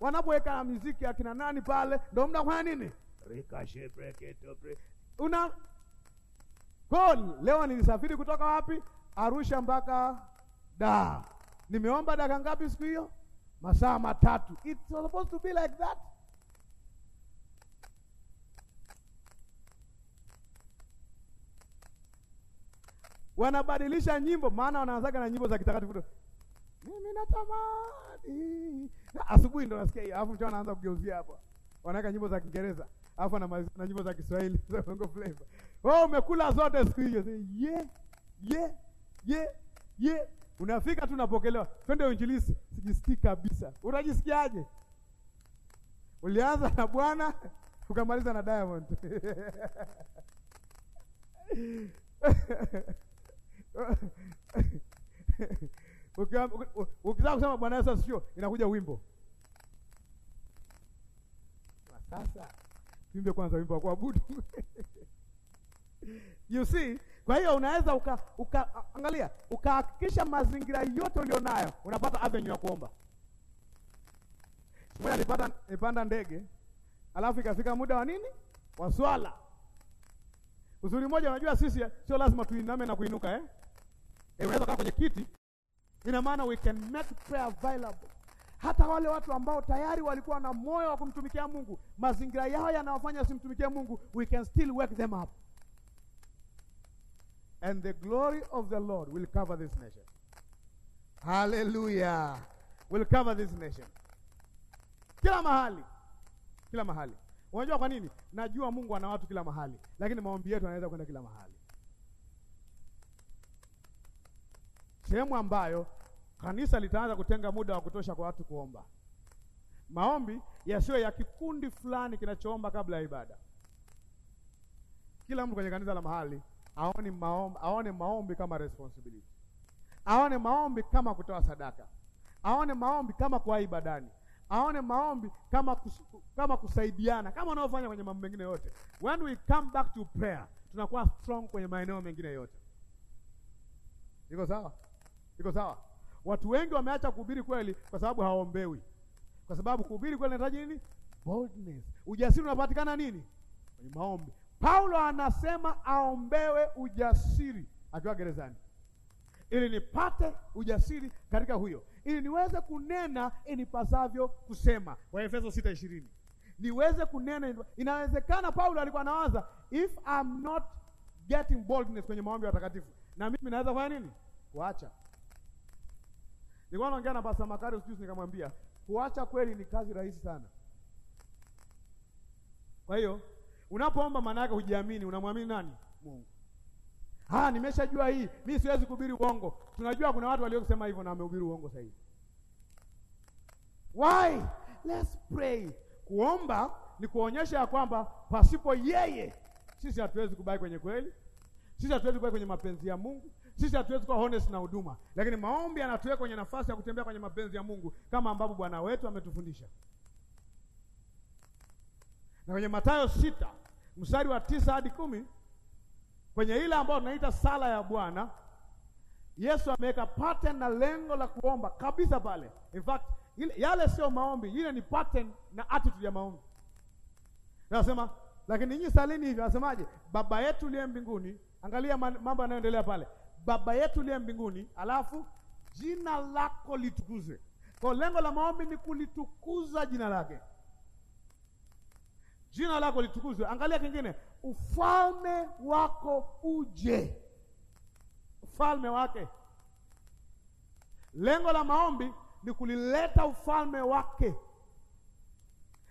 wanapoweka muziki akina nani pale, ndio kwa nini? una gol. Leo nilisafiri kutoka wapi? Arusha mpaka da, Nimeomba dakika ngapi siku hiyo? Masaa matatu. It's supposed to be like that. Wanabadilisha nyimbo, maana wanaanzaga na nyimbo za kitakatifu. Mimi natamani asubuhi ndo nasikia hiyo, alafu mchana anaanza kugeuzia hapa, wanaweka nyimbo za Kiingereza alafu na nyimbo za Kiswahili za Bongo Flava. Wewe oh, umekula zote siku hiyo, ye ye ye ye, unafika tu unapokelewa, twende uinjilisi. Sijisikii kabisa. Utajisikiaje? Ulianza na Bwana ukamaliza na Diamond Ukizaa kusema Bwana Yesu asifiwe, inakuja wimbo sasa. Tuimbe kwanza wimbo wa kuabudu you see. Kwa hiyo unaweza uka, uka angalia ukahakikisha mazingira yote ulionayo unapata avenue ya kuomba. Mmoja alipata ipanda ndege alafu ikafika muda wa nini wa swala. Uzuri mmoja, unajua sisi sio lazima tuiname na kuinuka eh? Eh, unaweza kaa kwenye kiti Ina maana we can make prayer available. Hata wale watu ambao tayari walikuwa na moyo wa kumtumikia Mungu, mazingira yao yanawafanya simtumikie Mungu, we can still wake them up and the glory of the Lord will cover this nation. Hallelujah. Will cover this nation. Kila mahali, kila mahali. Unajua kwa nini? Najua Mungu ana watu kila mahali, lakini maombi yetu anaweza kwenda kila mahali. sehemu ambayo kanisa litaanza kutenga muda wa kutosha kwa watu kuomba, maombi yasiwe ya kikundi fulani kinachoomba kabla ya ibada. Kila mtu kwenye kanisa la mahali aone maombi, aone maombi kama responsibility, aone maombi kama kutoa sadaka, aone maombi kama kwa ibadani aone maombi kama kus, kama kusaidiana kama wanaofanya kwenye mambo mengine yote. When we come back to prayer, tunakuwa strong kwenye maeneo mengine yote. Iko sawa? iko sawa. Watu wengi wameacha kuhubiri kweli kwa sababu haombewi. kwa sababu kuhubiri kweli inahitaji nini? Boldness. Ujasiri unapatikana nini? Kwenye maombi. Paulo anasema aombewe ujasiri akiwa gerezani, ili nipate ujasiri katika huyo, ili niweze kunena inipasavyo kusema, Waefeso 6:20 niweze kunena. Inawezekana Paulo alikuwa anawaza if I'm not getting boldness kwenye maombi ya watakatifu, na mimi naweza kufanya nini? Kuacha Nilikuwa naongea na Pastor Makari usiku, nikamwambia, kuacha kweli ni kazi rahisi sana. Kwa hiyo unapoomba maana yake hujiamini, unamwamini nani? Mungu. Ah, nimeshajua hii. Mimi siwezi kuhubiri uongo. Tunajua kuna watu waliosema hivyo na wamehubiri uongo sasa hivi. Why? Let's pray. Kuomba ni kuonyesha ya kwamba pasipo yeye sisi hatuwezi kubaki kwenye kweli. Sisi hatuwezi kubaki kwenye mapenzi ya Mungu. Sisi hatuwezi kuwa honest na huduma, lakini maombi yanatuweka kwenye nafasi ya kutembea kwenye mapenzi ya Mungu kama ambavyo Bwana wetu ametufundisha. Na kwenye Mathayo sita mstari wa tisa hadi kumi kwenye ile ambayo tunaita sala ya Bwana, Yesu ameweka pattern na lengo la kuomba kabisa pale. In fact, ile, yale sio maombi, ile ni pattern na attitude ya maombi. Nasema lakini nyinyi salini hivyo, asemaje Baba yetu uliye mbinguni. Angalia mambo yanayoendelea pale Baba yetu uliye mbinguni, alafu jina lako litukuzwe. Kwa lengo la maombi ni kulitukuza jina lake, jina lako litukuzwe. Angalia kingine, ufalme wako uje, ufalme wake. Lengo la maombi ni kulileta ufalme wake.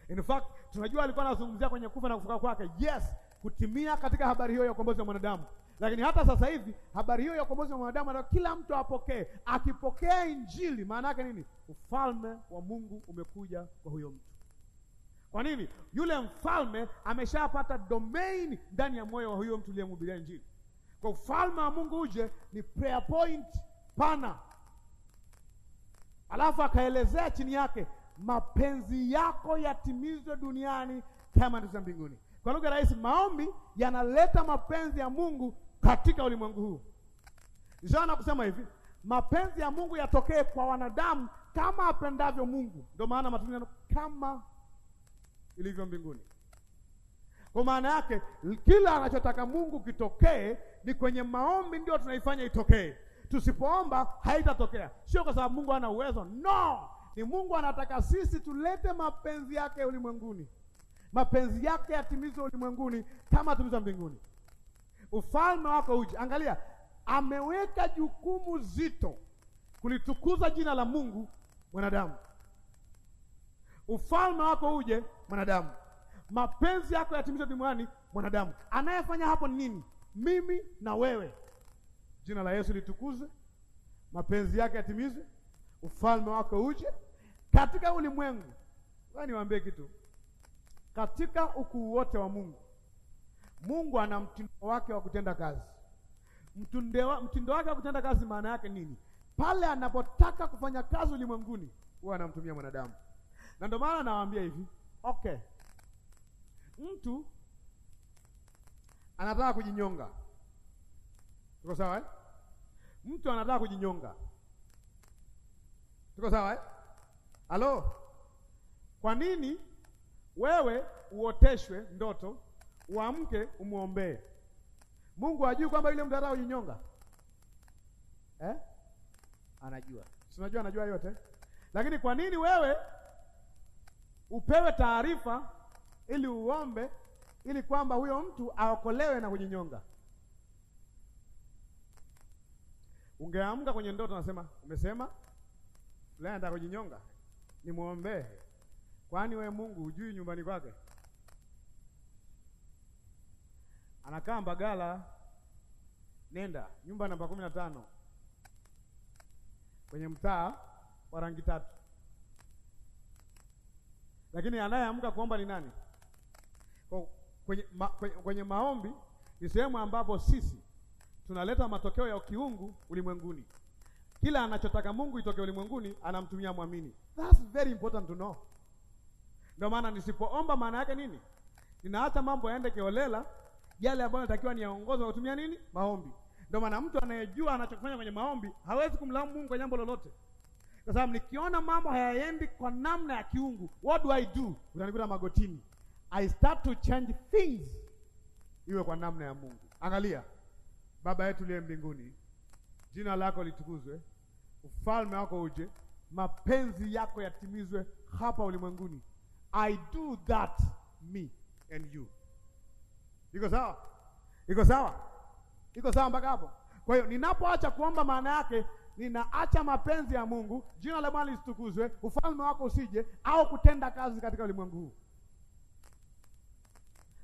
In fact, tunajua alikuwa anazungumzia kwenye kufa na kufuka kwake, yes, kutimia katika habari hiyo ya ukombozi wa mwanadamu. Lakini hata sasa hivi habari hiyo ya ukombozi wa mwanadamu anataka kila mtu apokee. Akipokea Injili, maana yake nini? Ufalme wa Mungu umekuja kwa huyo mtu. Kwa nini? Yule mfalme ameshapata domain ndani ya moyo wa huyo mtu uliyemhubiria Injili. Kwa ufalme wa Mungu uje ni prayer point pana, alafu akaelezea chini yake, mapenzi yako yatimizwe duniani kama ndivyo mbinguni. Kwa lugha rahisi, maombi yanaleta mapenzi ya Mungu katika ulimwengu huu. Yohana kusema hivi, mapenzi ya Mungu yatokee kwa wanadamu kama apendavyo Mungu. Ndio maana matumizi neno kama ilivyo mbinguni. Kwa maana yake kila anachotaka Mungu kitokee ni kwenye maombi, ndio tunaifanya itokee. Tusipoomba haitatokea, sio kwa sababu Mungu hana uwezo, no, ni Mungu anataka sisi tulete mapenzi yake ulimwenguni, mapenzi yake yatimizwe ulimwenguni kama yatimizwa mbinguni ufalme wako uje. Angalia, ameweka jukumu zito kulitukuza jina la Mungu. Mwanadamu, ufalme wako uje. Mwanadamu, mapenzi yako yatimizwe duniani. Mwanadamu, anayefanya hapo ni nini? Mimi na wewe. Jina la Yesu litukuzwe, mapenzi yake yatimizwe, ufalme wako uje katika ulimwengu. Wewe niwaambie kitu, katika ukuu wote wa Mungu Mungu ana mtindo wake wa kutenda kazi. Mtindo, mtindo wake wa kutenda kazi maana yake nini? Pale anapotaka kufanya kazi ulimwenguni huwa anamtumia mwanadamu, na ndio maana nawaambia hivi, okay, mtu anataka kujinyonga, tuko sawa eh? Mtu anataka kujinyonga, tuko sawa eh? Halo, kwa nini wewe uoteshwe ndoto uamke umwombee Mungu. ajui kwamba yule mdada ujinyonga eh? Anajua, si unajua, anajua yote, lakini kwa nini wewe upewe taarifa ili uombe, ili kwamba huyo mtu aokolewe na kujinyonga? Ungeamka kwenye ndoto, nasema umesema fulani anataka kujinyonga, nimwombee. Kwani we Mungu hujui nyumbani kwake? anakaa Mbagala, nenda nyumba namba kumi na tano kwenye mtaa wa rangi tatu, lakini anayeamka kuomba ni nani? Kwenye, ma, kwenye, kwenye maombi ni sehemu ambapo sisi tunaleta matokeo ya kiungu ulimwenguni. Kila anachotaka Mungu itoke ulimwenguni anamtumia mwamini. That's very important to know. Ndio maana nisipoomba, maana yake nini? Ninaacha mambo yaende kiolela yale ambayo natakiwa niyaongozwe kutumia nini? Maombi. Ndio maana mtu anayejua anachofanya kwenye maombi hawezi kumlaumu Mungu kwa jambo lolote, kwa sababu nikiona mambo hayaendi kwa namna ya kiungu, what do I do? Utanikuta magotini. I start to change things iwe kwa namna ya Mungu. Angalia, Baba yetu liye mbinguni, jina lako litukuzwe, ufalme wako uje, mapenzi yako yatimizwe hapa ulimwenguni. I do that me and you Iko sawa? Iko sawa? Iko sawa mpaka hapo? Kwa hiyo ninapoacha kuomba, maana yake ninaacha mapenzi ya Mungu, jina la Bwana lisitukuzwe, ufalme wako usije, au kutenda kazi katika ulimwengu huu.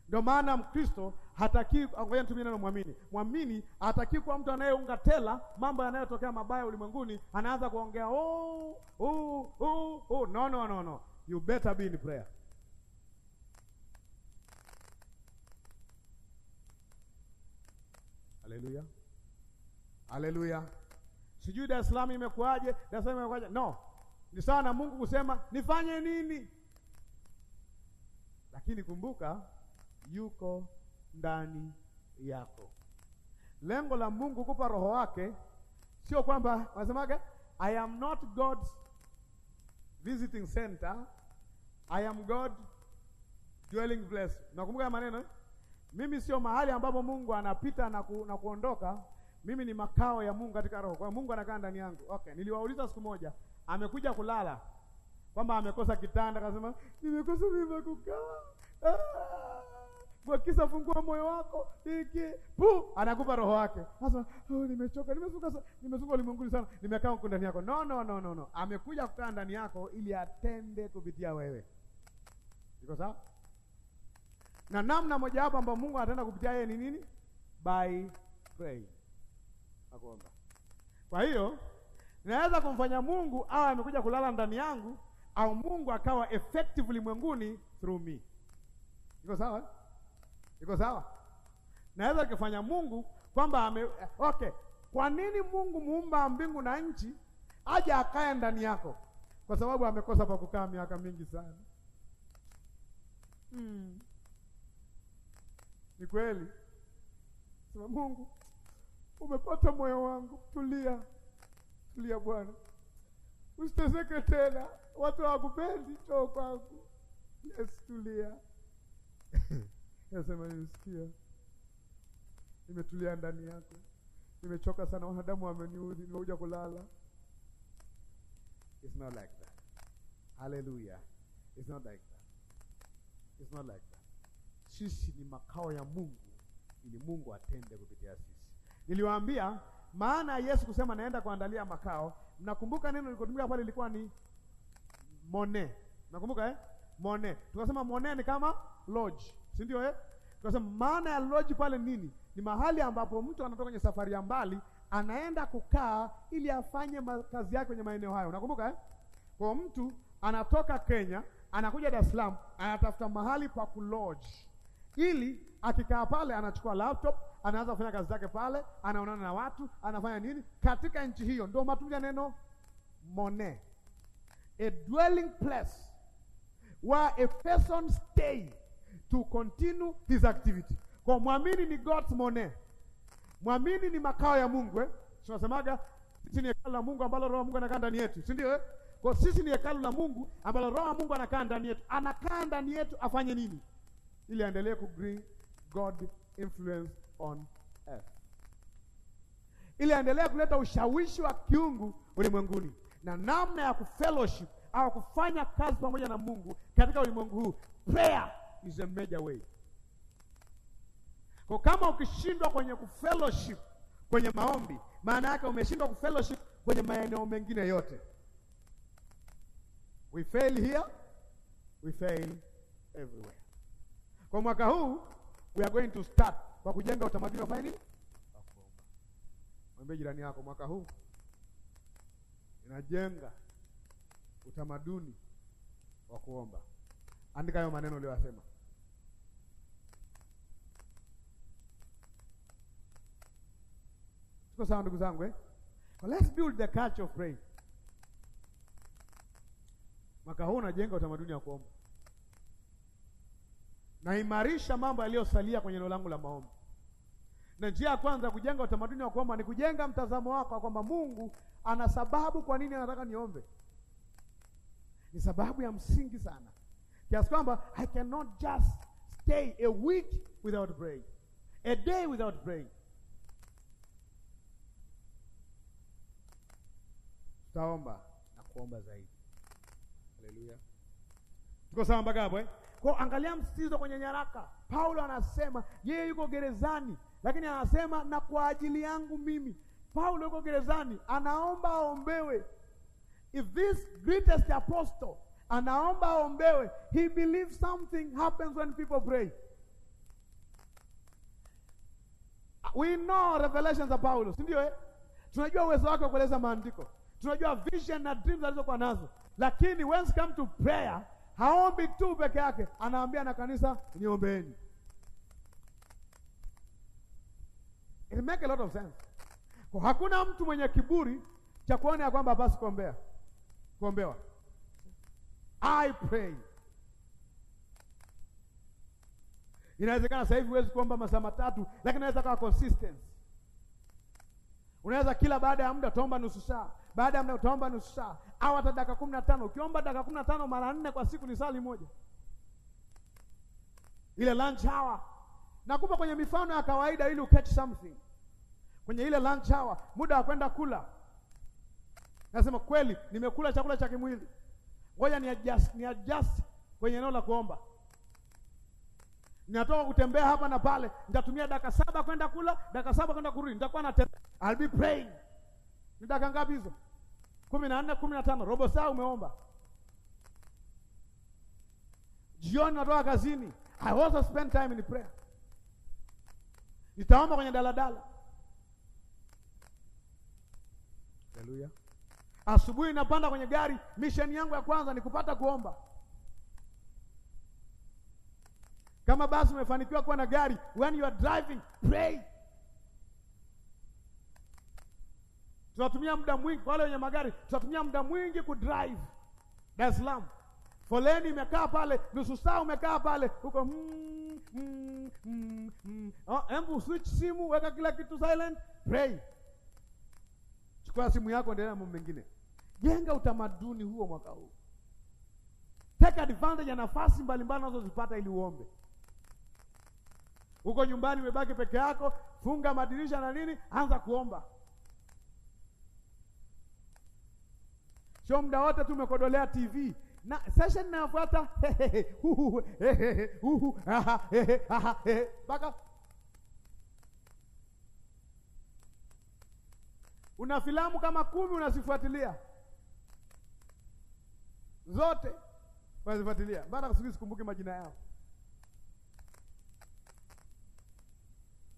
Ndio maana Mkristo hataki, ngoja nitumie neno mwamini. Mwamini hataki kuwa mtu anayeunga tela mambo yanayotokea mabaya ulimwenguni, anaanza kuongea oh, oh, oh, oh. No, no, no, no. You better be in prayer. Haleluya, haleluya. Sijui Dar es Salaam imekuaje, Dar es Salaam imekuaje? No, ni sawa na Mungu kusema nifanye nini, lakini kumbuka yuko ndani yako. Lengo la Mungu kupa roho wake sio kwamba wanasemaga I am not God's visiting center, I am God dwelling place. Nakumbuka maneno eh? Mimi sio mahali ambapo Mungu anapita na, ku, na kuondoka. Mimi ni makao ya Mungu katika roho. Kwa Mungu anakaa ndani yangu. Okay, niliwauliza siku moja, amekuja kulala kwamba amekosa kitanda, akasema nimekosa mimi kukaa. Ah! Kwa kisa fungua moyo wako iki pu anakupa roho wake. Sasa oh, nimechoka, nimezuka nimezuka ulimwenguni sana, nimekaa huko ndani yako. No, no, no, no, no. Amekuja kukaa ndani yako ili atende kupitia wewe. Iko sawa? na namna mojawapo ambayo Mungu anatenda kupitia yeye ni nini? By praying, nakuomba. Kwa hiyo naweza kumfanya Mungu awe amekuja kulala ndani yangu au Mungu akawa effective ulimwenguni through me. Iko sawa? Iko sawa? Naweza kufanya Mungu kwamba ame, okay, kwa nini Mungu muumba mbingu na nchi aje akae ndani yako? Kwa sababu amekosa pa kukaa miaka mingi sana. Mm. Ni kweli sema, Mungu umepata moyo wangu, tulia, tulia Bwana, usiteseke tena, watu hawakupendi, njoo kwangu. Yes, tulia nasema nimesikia, nimetulia ndani yako, nimechoka sana, wanadamu wameniudhi, nimekuja kulala. It's not like that. Hallelujah. It's not like that. It's not like that sisi ni makao ya Mungu ili Mungu atende kupitia sisi. Niliwaambia maana ya Yesu kusema naenda kuandalia makao. Mnakumbuka neno lilikotumika pale lilikuwa ni mone. nakumbuka eh? Mone. Tukasema mone ni kama lodge, si ndio eh? Tukasema maana ya lodge pale nini? Ni mahali ambapo mtu anatoka kwenye safari ya mbali anaenda kukaa ili afanye kazi yake kwenye maeneo hayo. Unakumbuka eh? Kwa mtu anatoka Kenya, anakuja Dar es Salaam, anatafuta mahali pa kulodge ili akikaa pale anachukua laptop, anaanza kufanya kazi zake pale, anaonana na watu, anafanya nini katika nchi hiyo. Ndio matumizi ya neno mone, a dwelling place where a person stay to continue his activity. Kwa mwamini ni God's mone, mwamini ni makao ya Mungu eh? Tunasemaga sisi ni hekalu la Mungu ambalo roho Mungu anakaa ndani yetu, si ndio eh? Kwa sisi ni hekalu la Mungu ambalo roho Mungu anakaa ndani yetu. Anakaa ndani yetu afanye nini? ili aendelee ku God influence on earth, ili aendelee kuleta ushawishi wa kiungu ulimwenguni na namna ya kufellowship au kufanya kazi pamoja na Mungu katika ulimwengu huu. Prayer is a major way. Kwa kama ukishindwa kwenye kufellowship kwenye maombi, maana yake umeshindwa kufellowship kwenye maeneo mengine yote. We fail here, we fail everywhere. Kwa mwaka huu we are going to start kwa kujenga utamaduni wa nini? Mwambie jirani yako mwaka huu inajenga utamaduni wa kuomba. Andika hayo maneno uliyosema. Tuko sawa ndugu zangu eh? let's build the culture of prayer. Mwaka huu unajenga utamaduni wa kuomba naimarisha mambo yaliyosalia kwenye eneo langu la maombi. Na njia ya kwanza kujenga utamaduni wa kuomba ni kujenga mtazamo wako kwamba Mungu ana sababu kwa nini anataka niombe. Ni sababu ya msingi sana kiasi kwamba I cannot just stay a week without praying, a day without praying. Tutaomba na kuomba zaidi. Haleluya, tuko sawa mpaka hapo eh? Kwa angalia msisitizo kwenye nyaraka. Paulo anasema yeye yuko gerezani, lakini anasema na kwa ajili yangu mimi. Paulo yuko gerezani, anaomba aombewe. If this greatest apostle anaomba aombewe, he believes something happens when people pray. We know revelations of Paulo, si ndio eh? Tunajua uwezo wake wa kueleza maandiko, tunajua vision na dreams alizokuwa nazo, lakini when it comes to prayer haombi tu peke yake, anaambia na kanisa niombeni. It make a lot of sense. Kwa hakuna mtu mwenye kiburi cha kuona ya kwamba basi kuombea, kuombewa. I pray. Inawezekana sasa hivi huwezi kuomba masaa matatu, lakini inaweza kawa consistent. Unaweza kila baada ya muda tuomba nusu saa baada ya muda utaomba nusu saa au hata dakika kumi na tano. Ukiomba dakika kumi na tano mara nne kwa siku ni sali moja, ile lunch hour. Nakupa kwenye mifano ya kawaida ili uketch something kwenye ile lunch hour, muda wa kwenda kula. Nasema kweli, nimekula chakula cha kimwili, ngoja ni adjust, ni adjust kwenye eneo la kuomba. Ninatoka kutembea hapa na pale, nitatumia dakika saba kwenda kula, dakika saba kwenda kurudi, nitakuwa na I'll be praying. Ni dakika ngapi hizo? kumi na nne kumi na tano robo saa umeomba, jioni natoka kazini, I also spend time in prayer. Nitaomba kwenye daladala. Haleluya. Asubuhi napanda kwenye gari, misheni yangu ya kwanza ni kupata kuomba. Kama basi umefanikiwa kuwa na gari, when you are driving, pray. Tunatumia muda mwingi kwa wale wenye magari, tunatumia muda mwingi drive Dar es Salaam. Foleni imekaa pale, nusu saa umekaa pale huko, mm, mm, mm, mm. Oh, switch simu, weka kila kitu silent, pray, chukua simu yako, endelea na mambo mengine. Jenga utamaduni huo mwaka huu, take advantage ya nafasi mbalimbali unazozipata ili uombe. Uko nyumbani umebaki peke yako, funga madirisha na nini, anza kuomba. sio muda wote tu umekodolea TV na session inayofuata mpaka ah, ah, ah, una filamu kama kumi unazifuatilia zote unazifuatilia, maana siku sikumbuki majina yao.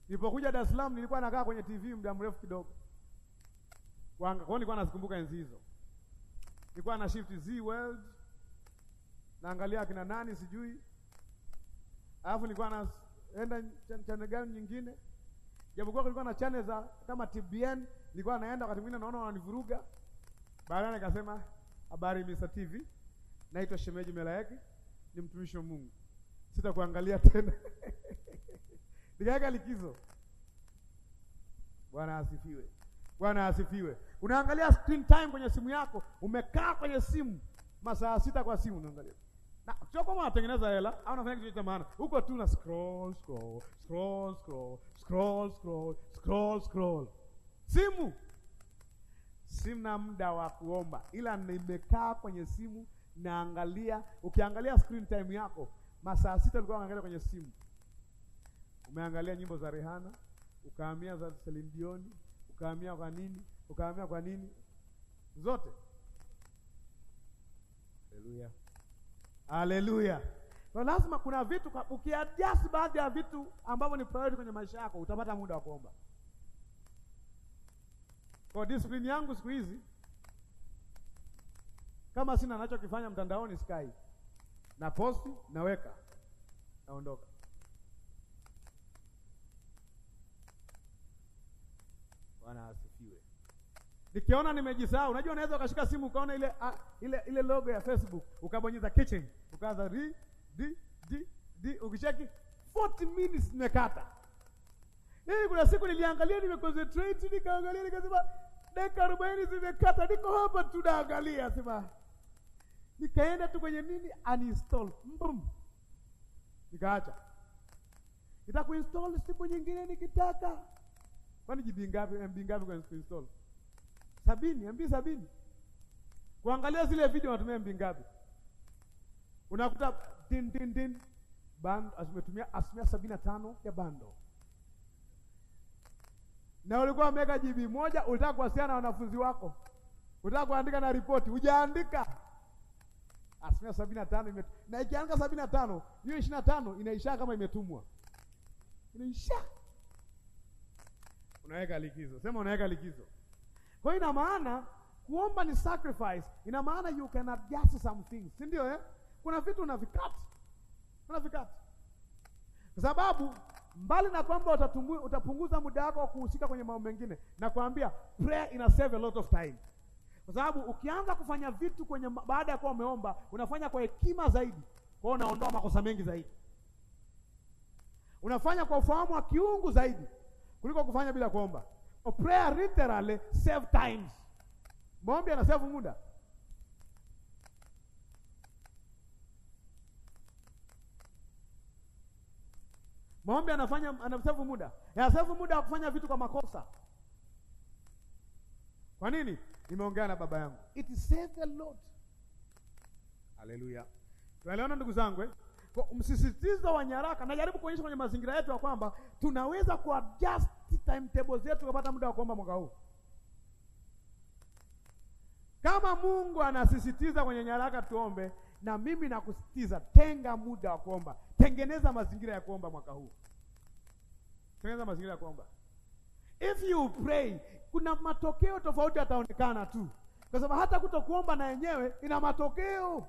Nilipokuja Dar es Salaam nilikuwa nakaa kwenye TV muda mrefu kidogo, kwa nilikuwa nazikumbuka enzi hizo nilikuwa na shift Z world naangalia akina nani sijui, alafu nilikuwa naenda channel gani nyingine, japokuwa kulikuwa na channel za kama TBN nilikuwa naenda, wakati mwingine naona wananivuruga. Baadaye nikasema habari Mr. TV, naitwa Shemeji Melaeki, ni mtumishi wa Mungu, sitakuangalia tena nikaweka likizo. Bwana asifiwe. Bwana asifiwe. Unaangalia screen time kwenye simu yako, umekaa kwenye simu masaa sita kwa simu unaangalia. Na sio kama unatengeneza hela au unafanya kitu cha maana. Huko tu una scroll scroll scroll scroll scroll scroll scroll scroll. Simu. Sina muda wa kuomba, ila nimekaa kwenye simu naangalia. Ukiangalia screen time yako masaa sita ulikuwa unaangalia kwenye simu, umeangalia nyimbo za Rihanna, ukahamia za Celine Dion ukahamia kwa nini, ukahamia kwa nini, zote. Haleluya, haleluya. Kwa lazima kuna vitu ukiadjust baadhi ya vitu ambavyo ni priority kwenye maisha yako, utapata muda wa kuomba. Kwa discipline yangu siku hizi, kama sina anachokifanya mtandaoni, sky na posti, naweka, naondoka Bwana asifiwe. Nikiona nimejisahau, unajua unaweza ukashika simu ukaona ile a, ah, ile ile logo ya Facebook ukabonyeza kitchen, ukaanza di di di di, ukicheki 40 minutes nimekata. Hii kuna siku niliangalia, nimeconcentrate nikaangalia, nikasema dakika arobaini zimekata, niko hapa tu naangalia, sema nikaenda tu kwenye nini uninstall, mbum, nikaacha nitakuinstall siku nyingine nikitaka kwani GB ngapi eh, MB ngapi kwenye install? Sabini, eh, MB sabini. Kuangalia zile video unatumia MB ngapi? Unakuta din din din band asimetumia asilimia sabini na tano ya bando, na ulikuwa umeweka GB moja, ulitaka kuwasiliana na wanafunzi wako, ulitaka kuandika na ripoti, hujaandika asilimia sabini na tano imetu... na ikiandika sabini na tano hiyo ishirini na tano inaisha kama imetumwa, inaisha unaweka likizo. Sema unaweka likizo. Kwa hiyo ina maana kuomba ni sacrifice, ina maana you can adjust some things, si ndio eh? Kuna vitu unavikati, unavikati kwa sababu mbali na kwamba utapunguza muda wako wa kuhusika kwenye mambo mengine, nakwambia prayer ina save a lot of time, kwa sababu ukianza kufanya vitu kwenye baada ya kuwa umeomba, unafanya kwa hekima zaidi, kwa unaondoa makosa mengi zaidi, unafanya kwa ufahamu wa kiungu zaidi, kuliko kufanya bila kuomba. So prayer literally save times. Maombi ana save muda. Maombi anafanya anasevu muda, anasevu muda wa kufanya vitu kwa makosa. Kwa nini? Nimeongea na baba yangu, it saves a lot. Hallelujah. Tuelewana ndugu zangu eh? Kwa msisitizo wa nyaraka, najaribu kuonyesha kwenye mazingira yetu ya kwamba tunaweza kuadjust timetable zetu kupata muda wa kuomba mwaka huu. Kama Mungu anasisitiza kwenye nyaraka tuombe, na mimi nakusitiza, tenga muda wa kuomba, tengeneza mazingira ya kuomba mwaka huu, tengeneza mazingira ya kuomba. If you pray, kuna matokeo tofauti yataonekana tu, kwa sababu hata kutokuomba na yenyewe ina matokeo.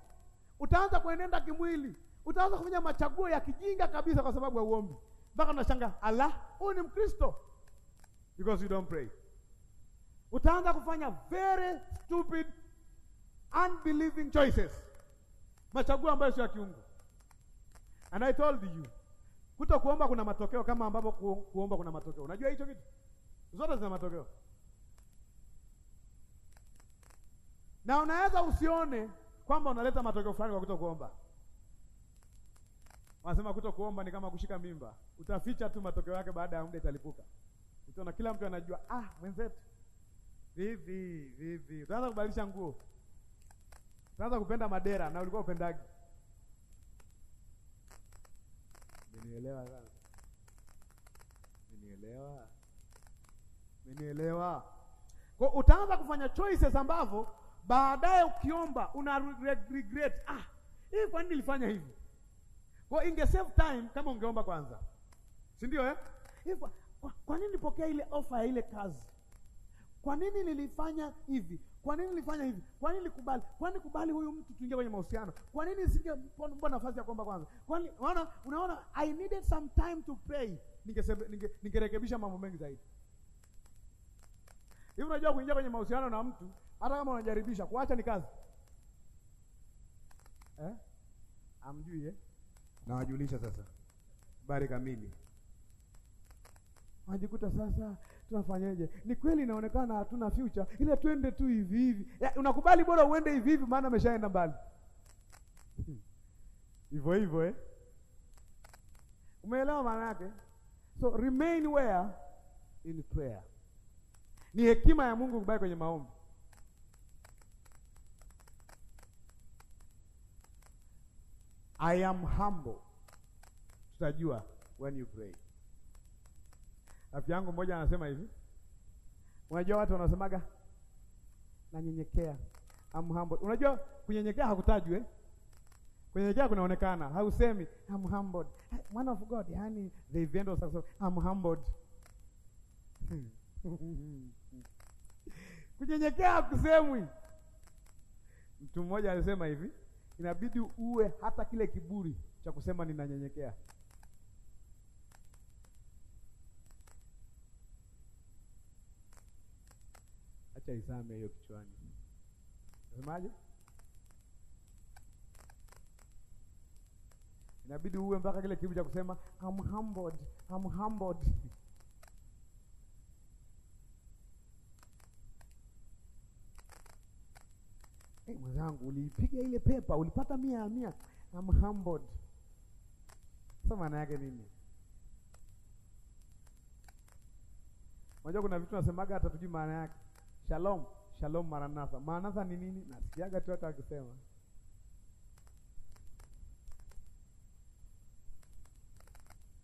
Utaanza kuenenda kimwili utaanza kufanya machaguo ya kijinga kabisa kwa sababu ya uombi, mpaka unashangaa ala, huyu ni Mkristo because you don't pray. Utaanza kufanya very stupid unbelieving choices, machaguo ambayo sio ya kiungu. And I told you kuto kuomba kuna matokeo kama ambapo ku, kuomba kuna matokeo. Unajua hicho kitu, zote zina matokeo, na unaweza usione kwamba unaleta matokeo fulani kwa kuto kuomba. Wanasema kuto kuomba ni kama kushika mimba, utaficha tu matokeo yake, baada ya muda italipuka. Utaona kila mtu anajua, ah, mwenzetu vivi vivi. Utaanza kubadilisha nguo, utaanza kupenda madera na ulikuwa upendagi. Nielewa sana, nielewa, nielewa. Kwa utaanza kufanya choices ambavyo baadaye ukiomba una regret, ah, hii kwa nini nilifanya hivi? Kwa inge save time kama ungeomba kwanza, si ndio eh? Kwa, kwa, kwa nini nipokea ile offer ya ile kazi? Kwa nini nilifanya hivi? Kwa nini nilifanya hivi? Kwa nini nikubali? Kwa nini kubali huyu mtu tuingie kwenye mahusiano? Kwa nini nisinge mbona nafasi ya kuomba kwanza? Kwa nini unaona, unaona I needed some time to pray. Ninge ningerekebisha mambo mengi zaidi. Hivi unajua kuingia kwenye mahusiano na mtu hata kama unajaribisha kuacha ni kazi. Eh? Amjui eh? nawajulisha sasa habari kamili. Wajikuta sasa tunafanyeje? Ni kweli inaonekana hatuna future, ila twende tu hivi hivi. Unakubali bora uende hivi hivi, maana ameshaenda mbali hivyo hivyo eh? Umeelewa maana yake? So remain where in prayer. Ni hekima ya Mungu kubaki kwenye maombi. I am humble. Tutajua when you pray. Rafiki yangu mmoja anasema hivi, unajua watu wanasemaga nanyenyekea, I'm humble. Unajua kunyenyekea hakutajwi eh? Kunyenyekea kunaonekana, hausemi I'm humbled. Man of God, yani the event was success, I'm humbled. Kunyenyekea hakusemwi. Mtu mmoja alisema hivi inabidi uwe hata kile kiburi cha kusema ninanyenyekea. Acha isame hiyo kichwani, nasemaje? Inabidi uwe mpaka kile kiburi cha kusema I'm humbled, I'm humbled. hey, mwenzangu uliipiga ile pepa ulipata mia ya mia. I'm humbled. So maana yake nini? Unajua kuna vitu nasemaga hata tujui maana yake. Shalom, shalom maranatha. Maranatha ni nini? Nasikiaga tu hata wakisema.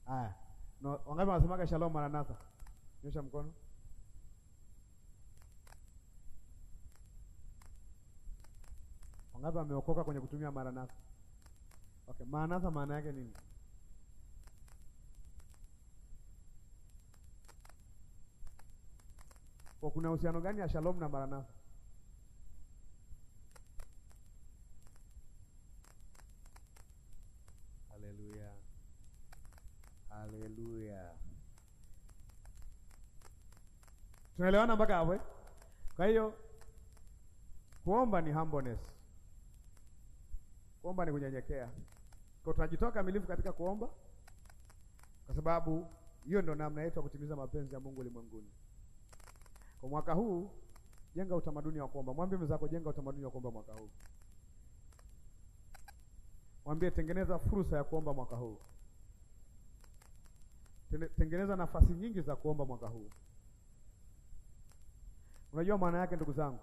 Aya. No, wangapi wanasemaga shalom maranatha? Nyosha mkono. Wangapi wameokoka kwenye kutumia maranatha? Okay, maranatha maana yake nini? Kwa kuna uhusiano gani ya shalom na maranatha? Haleluya, haleluya. Tunaelewana mpaka hapo? Eh? Kwa hiyo kuomba ni humbleness. Kuomba ni kunyenyekea. Kwa tunajitoa kamilifu katika kuomba kwa sababu hiyo ndio namna yetu ya kutimiza mapenzi ya Mungu ulimwenguni. Kwa mwaka huu jenga utamaduni wa kuomba. Mwambie mwenzako jenga utamaduni wa kuomba mwaka huu. Mwambie tengeneza fursa ya kuomba mwaka huu. Tengeneza nafasi nyingi za kuomba mwaka huu. Unajua maana yake ndugu zangu.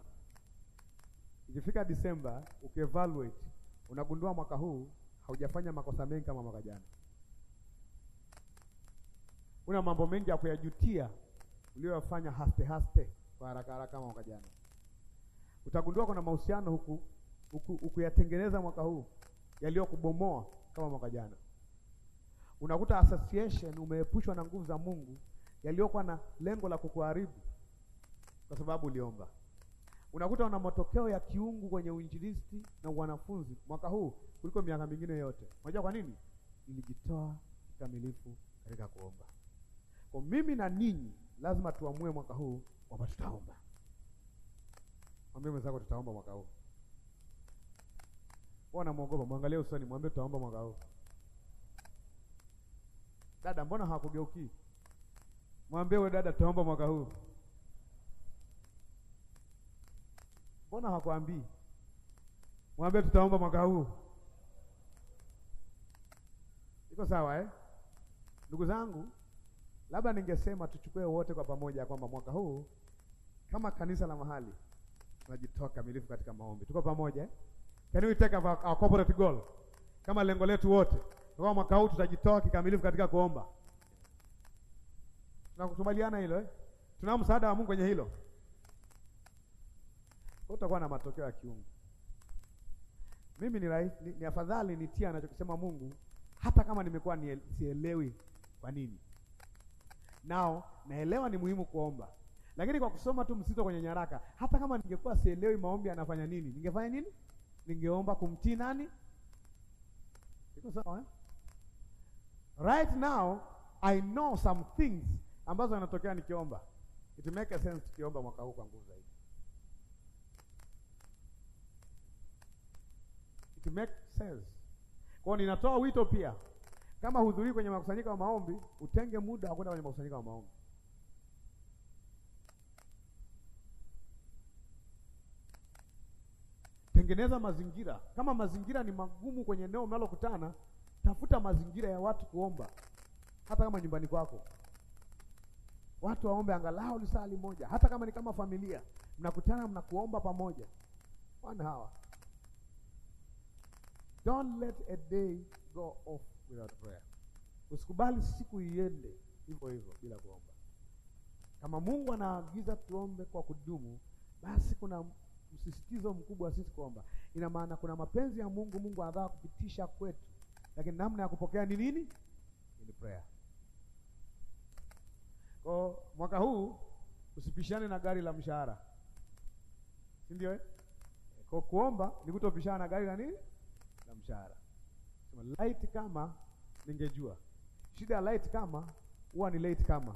Ikifika Desemba ukievaluate unagundua mwaka huu haujafanya makosa mengi kama mwaka jana. Una mambo mengi ya kuyajutia uliyofanya haste haste kwa haraka haraka kama mwaka jana. Utagundua kuna mahusiano huku ukuyatengeneza mwaka huu yaliyokubomoa kama mwaka jana. Unakuta association umeepushwa na nguvu za Mungu yaliyokuwa na lengo la kukuharibu kwa sababu uliomba unakuta una matokeo ya kiungu kwenye uinjilisti na wanafunzi mwaka huu kuliko miaka mingine yote. Unajua kwa nini? Nilijitoa kikamilifu katika kuomba. Kwa mimi na ninyi lazima tuamue mwaka huu kwamba tutaomba. Mwambie mwenzako tutaomba mwaka huu. Wanamwogopa, mwangalie usoni, mwambie tutaomba mwaka huu. Dada, mbona hawakugeukii? Mwambie wewe dada, tutaomba mwaka huu. Mbona hakwambii? Mwambie tutaomba mwaka huu. Iko sawa eh? Ndugu zangu, labda ningesema tuchukue wote kwa pamoja kwamba mwaka huu kama kanisa la mahali tunajitoa kamilifu katika maombi. Tuko pamoja eh? Can we take our corporate goal? Kama lengo letu wote kwa mwaka huu tutajitoa kikamilifu katika kuomba. Tunakukubaliana hilo eh? Tunao msaada wa Mungu kwenye hilo utakuwa na matokeo ya kiungu. Mimi ni rais, ni, ni afadhali nitia anachokisema Mungu hata kama nimekuwa sielewi kwa nini. Nao naelewa ni muhimu kuomba, lakini kwa kusoma tu msito kwenye nyaraka, hata kama ningekuwa sielewi maombi anafanya nini, ningefanya nini? Ningeomba kumtii nani? Iko sawa eh? Right now I know some things ambazo yanatokea nikiomba. It make a sense tukiomba mwaka huu kwa nguvu It makes sense. Kwa ninatoa wito pia, kama hudhurii kwenye makusanyiko ya maombi, utenge muda wa kwenda kwenye makusanyiko ya maombi. Tengeneza mazingira. Kama mazingira ni magumu kwenye eneo mnalokutana, tafuta mazingira ya watu kuomba, hata kama nyumbani kwako watu waombe angalau lisali moja, hata kama ni kama familia mnakutana, mnakuomba pamoja. Wana hawa Don't let a day go off without prayer. Usikubali siku iende hivyo hivyo bila kuomba. Kama Mungu anaagiza tuombe kwa kudumu, basi kuna msisitizo mkubwa sisi kuomba. Ina maana kuna mapenzi ya Mungu, Mungu anataka kupitisha kwetu, lakini namna ya kupokea ni nini? Ni prayer. Kwa mwaka huu usipishane na gari la mshahara, si ndio? Eh? Kwa kuomba ni kutopishana na gari la nini biashara. Sema light kama ningejua. Shida ya light kama huwa ni late kama.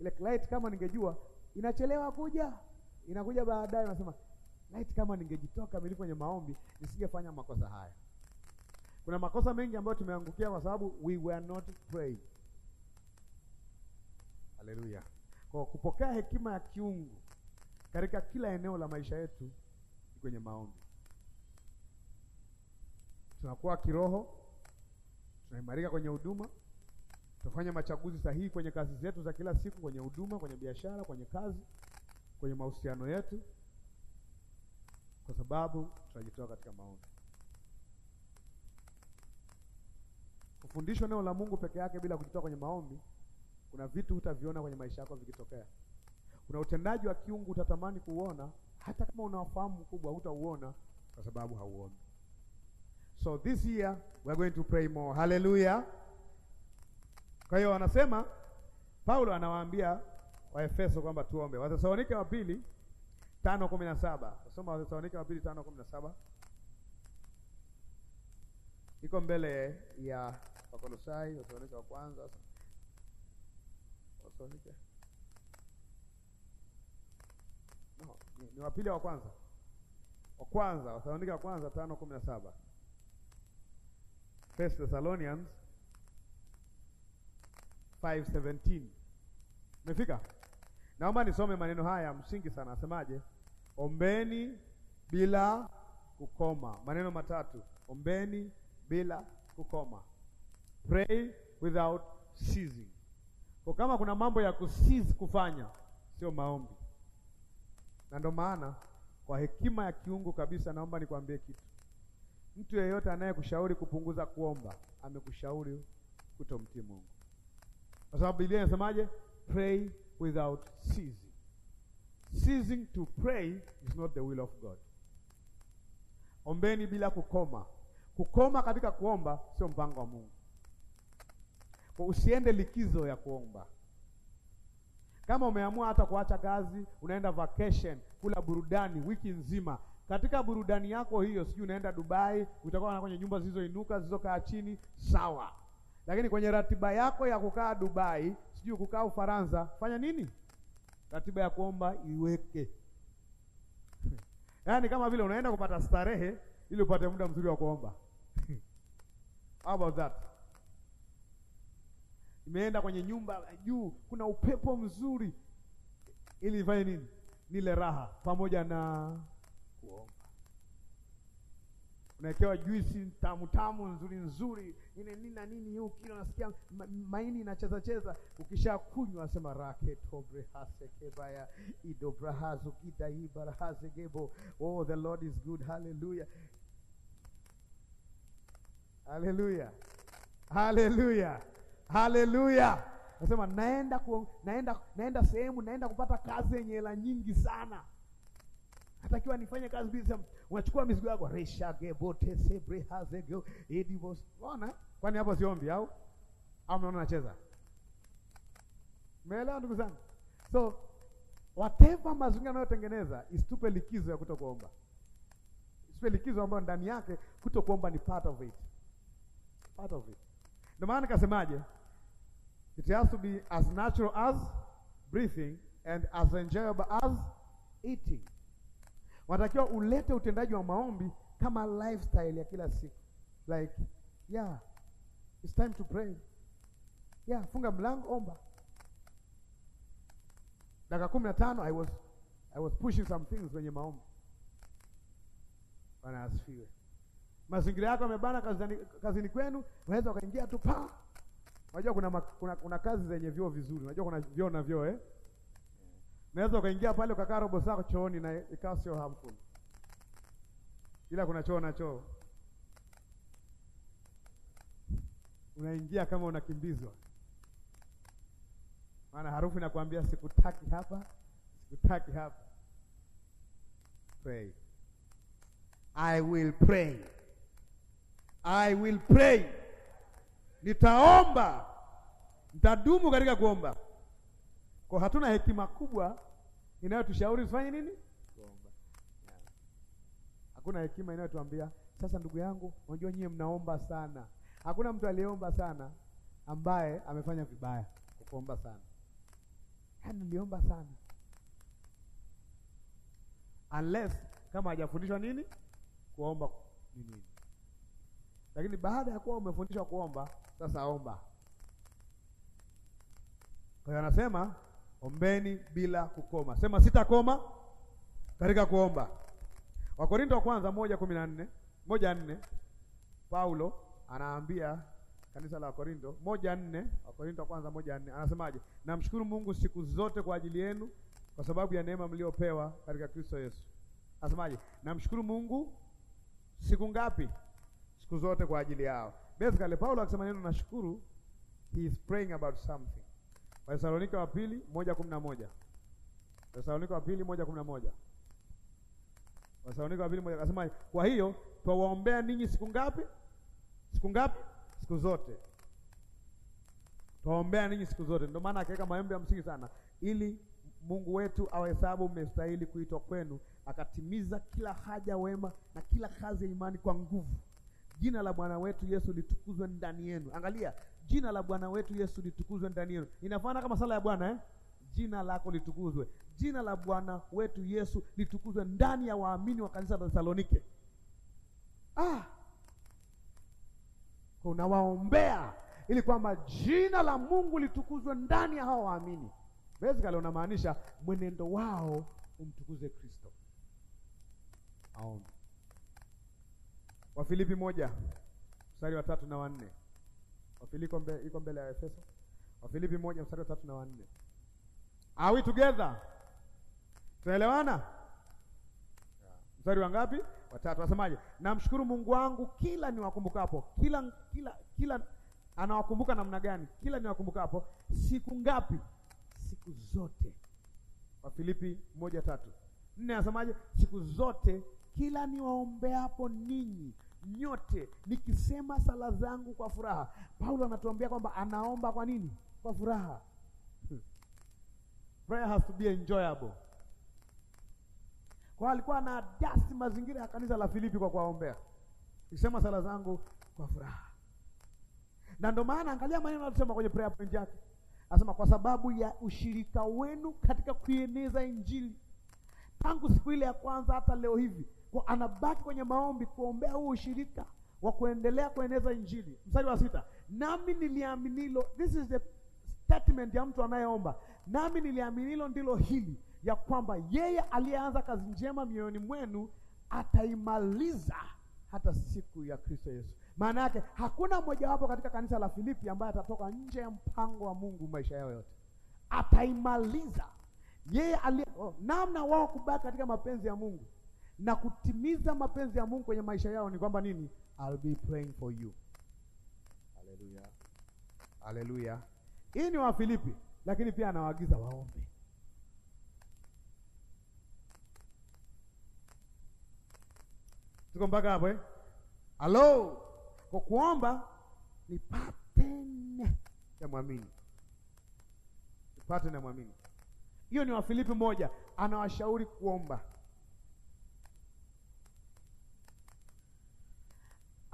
Ile light kama ningejua inachelewa kuja, inakuja baadaye. Nasema light kama ningejitoka mimi kwenye maombi nisingefanya makosa haya. Kuna makosa mengi ambayo tumeangukia kwa sababu we were not praying. Haleluya. Kwa kupokea hekima ya kiungu katika kila eneo la maisha yetu kwenye maombi tunakuwa kiroho, tunaimarika kwenye huduma, tunafanya machaguzi sahihi kwenye kazi zetu za kila siku, kwenye huduma, kwenye biashara, kwenye kazi, kwenye mahusiano yetu, kwa sababu tunajitoa katika maombi. Kufundishwa neno la Mungu peke yake bila kujitoa kwenye maombi, kuna vitu utaviona kwenye maisha yako vikitokea. Kuna utendaji wa kiungu utatamani kuuona, hata kama unawafahamu mkubwa, hutauona kwa sababu hauombi. So this year we are going to pray more. Hallelujah. Kwa hiyo wanasema Paulo anawaambia Waefeso kwamba tuombe. Wathesalonike wa pili 5:17. Nasoma Wathesalonike wa pili 5:17. Iko mbele ya Wakolosai, Wathesalonike wa kwanza. Wathesalonike. No, ni, ni wa pili wa kwanza. Wa kwanza, Wathesalonike wa kwanza 5:17. First Thessalonians 5:17. Mefika? Naomba nisome maneno haya msingi sana, asemaje? Ombeni bila kukoma. Maneno matatu, ombeni bila kukoma, pray without ceasing. Kwa kama kuna mambo ya kusizi kufanya, sio maombi. Na ndio maana kwa hekima ya kiungu kabisa, naomba nikwambie kitu Mtu yeyote anayekushauri kupunguza kuomba amekushauri kutomtii Mungu, kwa sababu Biblia inasemaje? Pray without ceasing. Ceasing to pray is not the will of God. Ombeni bila kukoma. Kukoma katika kuomba sio mpango wa Mungu. Kwa usiende likizo ya kuomba. Kama umeamua hata kuacha kazi, unaenda vacation, kula burudani wiki nzima katika burudani yako hiyo, sijui unaenda Dubai, utakuwa na kwenye nyumba zilizoinuka zilizokaa chini, sawa. Lakini kwenye ratiba yako ya kukaa Dubai, sijui kukaa Ufaransa, fanya nini? Ratiba ya kuomba iweke. Yaani kama vile unaenda kupata starehe ili upate muda mzuri wa kuomba. How about that? Imeenda kwenye nyumba juu, kuna upepo mzuri, ili ifanye nini? Nile raha pamoja na unawekewa juisi tamu tamu nzuri nzuri ine nini na nini hiyo, kila unasikia maini inacheza cheza. ukisha kunywa kebaya idobra kita asema raketobrehasekebaya gebo oh, the Lord is good, hallelujah hallelujah hallelujah hallelujah Nasema naenda ku, naenda naenda sehemu naenda kupata kazi yenye hela nyingi sana, natakiwa nifanye kazi bila unachukua mizigo yako reshagebotesebrehazegeedivos ona. Kwani hapo siombi au au mnaona nacheza? Mmeelewa ndugu zangu? So whatever mazingira anayotengeneza isitupe likizo ya kutokuomba, isitupe likizo ambayo ndani yake kutokuomba ni part of it, part of it. Ndio maana nikasemaje, it has to be as natural as breathing and as enjoyable as eating. Unatakiwa ulete utendaji wa maombi kama lifestyle ya kila siku, like yeah, it's time to pray. Yeah, funga mlango, omba dakika kumi na tano. I was, I was pushing some things kwenye maombi. Bwana asifiwe. Mazingira yako yamebana kazini, kazini kwenu, unaweza ukaingia tu pa. Unajua kuna, kuna, kuna kazi zenye vyoo vizuri. Unajua kuna vyoo na vyoo eh? naweza ukaingia pale ukakaa robo saa chooni na ikawa sio harmful, ila kuna choo na choo unaingia kama unakimbizwa, maana harufu inakuambia sikutaki hapa, sikutaki hapa. Pray, I will pray, I will pray. Nitaomba, nitadumu katika kuomba. Kwa hatuna hekima kubwa inayotushauri tufanye nini? Kuomba. Hakuna hekima inayotuambia sasa, ndugu yangu, unajua nyie mnaomba sana. Hakuna mtu aliyeomba sana ambaye amefanya vibaya kuomba sana. Yaani niliomba sana. Unless kama hajafundishwa nini kuomba ni nini. Lakini baada ya kuwa umefundishwa kuomba, sasa omba. Kwa hiyo anasema ombeni bila kukoma. Sema sitakoma katika kuomba. Wakorinto wa kwanza moja kumi na nne moja nne Paulo anaambia kanisa la Wakorinto moja nne Wakorinto wa kwanza moja nne anasemaje? Namshukuru Mungu siku zote kwa ajili yenu kwa sababu ya neema mliopewa katika Kristo Yesu. Anasemaje? Namshukuru Mungu siku ngapi? Siku zote kwa ajili yao. Basically Paulo akisema neno nashukuru, he is praying about something Wathesalonike wa pili moja kumi na moja Wathesalonike wa pili moja kumi na moja Wathesalonike wa pili moja akasema, kwa hiyo twawaombea ninyi siku ngapi? Siku ngapi? Siku zote twaombea ninyi siku zote. Ndio maana akaweka maombi ya msingi sana, ili Mungu wetu awahesabu mmestahili kuitwa kwenu, akatimiza kila haja wema na kila kazi ya imani kwa nguvu. Jina la Bwana wetu Yesu litukuzwe ndani yenu. Angalia, jina la Bwana wetu Yesu litukuzwe ndani yenu. Inafanana kama sala ya Bwana eh? Jina lako litukuzwe, jina la Bwana wetu Yesu litukuzwe ndani ya waamini wa kanisa la Thesalonike. Ah, unawaombea ili kwamba jina la Mungu litukuzwe ndani ya hao waamini. Basically unamaanisha mwenendo wao umtukuze Kristo. Aombe. Wafilipi moja mstari wa tatu na wanne Wafilipi mbe, iko mbele ya Efeso. Wafilipi moja mstari wa tatu na wanne. Are we together? Tunaelewana? Mstari wa ngapi? Watatu. Wasemaje? Namshukuru Mungu wangu kila niwakumbukapo. Kila kila kila anawakumbuka namna gani? Kila niwakumbukapo. Siku ngapi? Siku zote. Wafilipi moja tatu. Nne, anasemaje? Siku zote kila niwaombeapo ninyi nyote nikisema sala zangu kwa furaha. Paulo anatuambia kwamba anaomba kwa nini? Kwa furaha. Hmm. Prayer has to be enjoyable. Kwa alikuwa adjust mazingira ya kanisa la Filipi kwa kuwaombea, nikisema sala zangu kwa furaha. Na ndio maana angalia maneno anasema kwenye prayer point yake, anasema kwa sababu ya ushirika wenu katika kuieneza Injili tangu siku ile ya kwanza hata leo hivi kwa anabaki kwenye maombi kuombea huu ushirika wa kuendelea kueneza Injili. Mstari wa sita, nami niliaminilo, this is the statement ya mtu anayeomba, nami niliaminilo ndilo hili ya kwamba yeye aliyeanza kazi njema mioyoni mwenu ataimaliza hata siku ya Kristo Yesu. Maana yake hakuna mmojawapo katika kanisa la Filipi ambaye atatoka nje ya mpango wa Mungu maisha yao yote, ataimaliza yeye ali oh, namna wao kubaki katika mapenzi ya Mungu na kutimiza mapenzi ya Mungu kwenye maisha yao ni kwamba nini? I'll be praying for you. Haleluya, haleluya. Hii ni Wafilipi, lakini pia anawaagiza waombe. Tuko mpaka hapo eh? Hello. kwa kuomba ni patene ya mwamini, ni patene ya mwamini. Hiyo ni Wafilipi moja, anawashauri kuomba.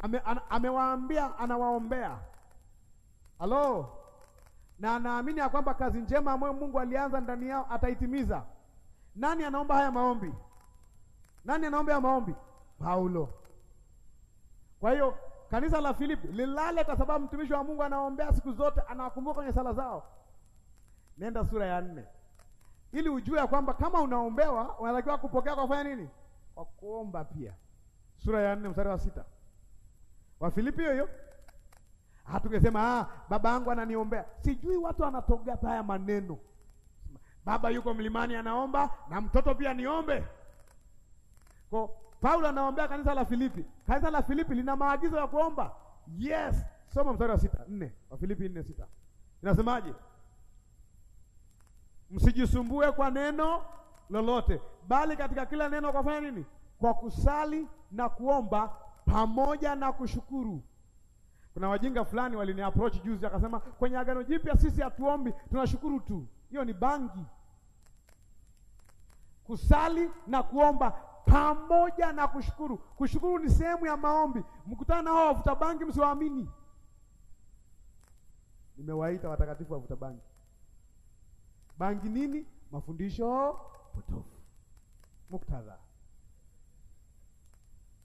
ame, an, amewaambia anawaombea. Halo, na anaamini ya kwamba kazi njema ambayo Mungu alianza ndani yao ataitimiza. Nani anaomba haya maombi? Nani anaomba haya maombi? Paulo. Kwa hiyo kanisa la Filipi lilale kwa sababu mtumishi wa Mungu anaombea siku zote, anawakumbuka kwenye sala zao. Nenda sura ya nne ili ujue ya kwamba kama unaombewa unatakiwa kupokea kwa kufanya nini? Kwa kuomba pia. Sura ya nne mstari wa sita. Wafilipi hiyo hatungesema ah, baba yangu ananiombea. Sijui watu wanatogea haya maneno, baba yuko mlimani anaomba na mtoto pia niombe. Kwa Paulo anaombea kanisa la Filipi. Kanisa la Filipi lina maagizo ya kuomba. Yes, soma mstari wa sita nne wa Filipi nne sita inasemaje? Msijisumbue kwa neno lolote, bali katika kila neno kwa fanya nini? Kwa kusali na kuomba pamoja na kushukuru. Kuna wajinga fulani walini approach juzi, akasema kwenye Agano Jipya sisi hatuombi, tunashukuru tu. Hiyo ni bangi. Kusali na kuomba pamoja na kushukuru. Kushukuru ni sehemu ya maombi. Mkutana nao wavuta bangi, msiwaamini. Nimewaita watakatifu wavuta bangi. Bangi nini? Mafundisho potofu. Muktadha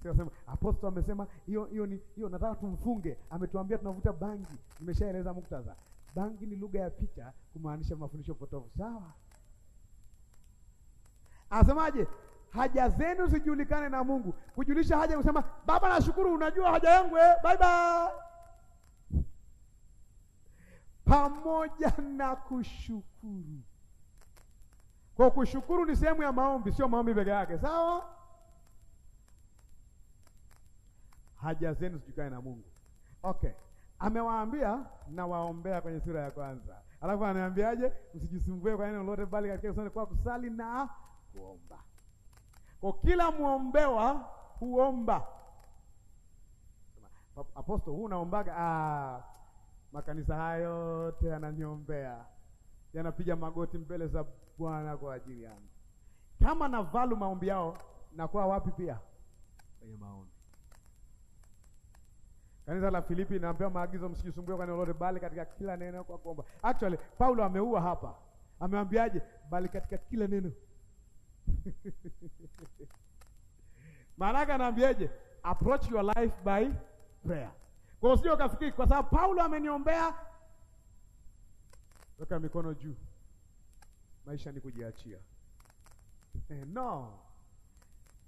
Tunasema apostol amesema hiyo hiyo ni hiyo, nataka tumfunge, ametuambia tunavuta bangi. Nimeshaeleza muktadha, bangi ni lugha ya picha kumaanisha mafundisho potofu, sawa? asemaje haja zenu zijulikane na Mungu. Kujulisha haja kusema Baba, nashukuru unajua haja yangu, eh, bye bye, pamoja na kushukuru. Kwa kushukuru ni sehemu ya maombi, sio maombi peke yake, sawa? haja zenu zijulikane na Mungu. Okay, amewaambia nawaombea kwenye sura ya kwanza, alafu anaambiaje Msijisumbue kwa neno lolote, bali katika kwa kusali na kuomba. Kwa kila mwombewa huomba. Apostle, huu naombaga. Ah, makanisa haya yote yananiombea, yanapiga magoti mbele za Bwana kwa ajili yangu. Kama navalu maombi yao, nakuwa wapi pia kwenye maombi Kanisa la Filipi inaambia maagizo, msijisumbue kwa neno lolote, bali katika kila neno kwa kuomba. Actually Paulo ameua hapa, amewambiaje? Bali katika kila neno maanake anaambiaje Approach your life by prayer. Kwa usije ukafikiri kwa sababu Paulo ameniombea, weka mikono juu, maisha ni kujiachia. Eh, no,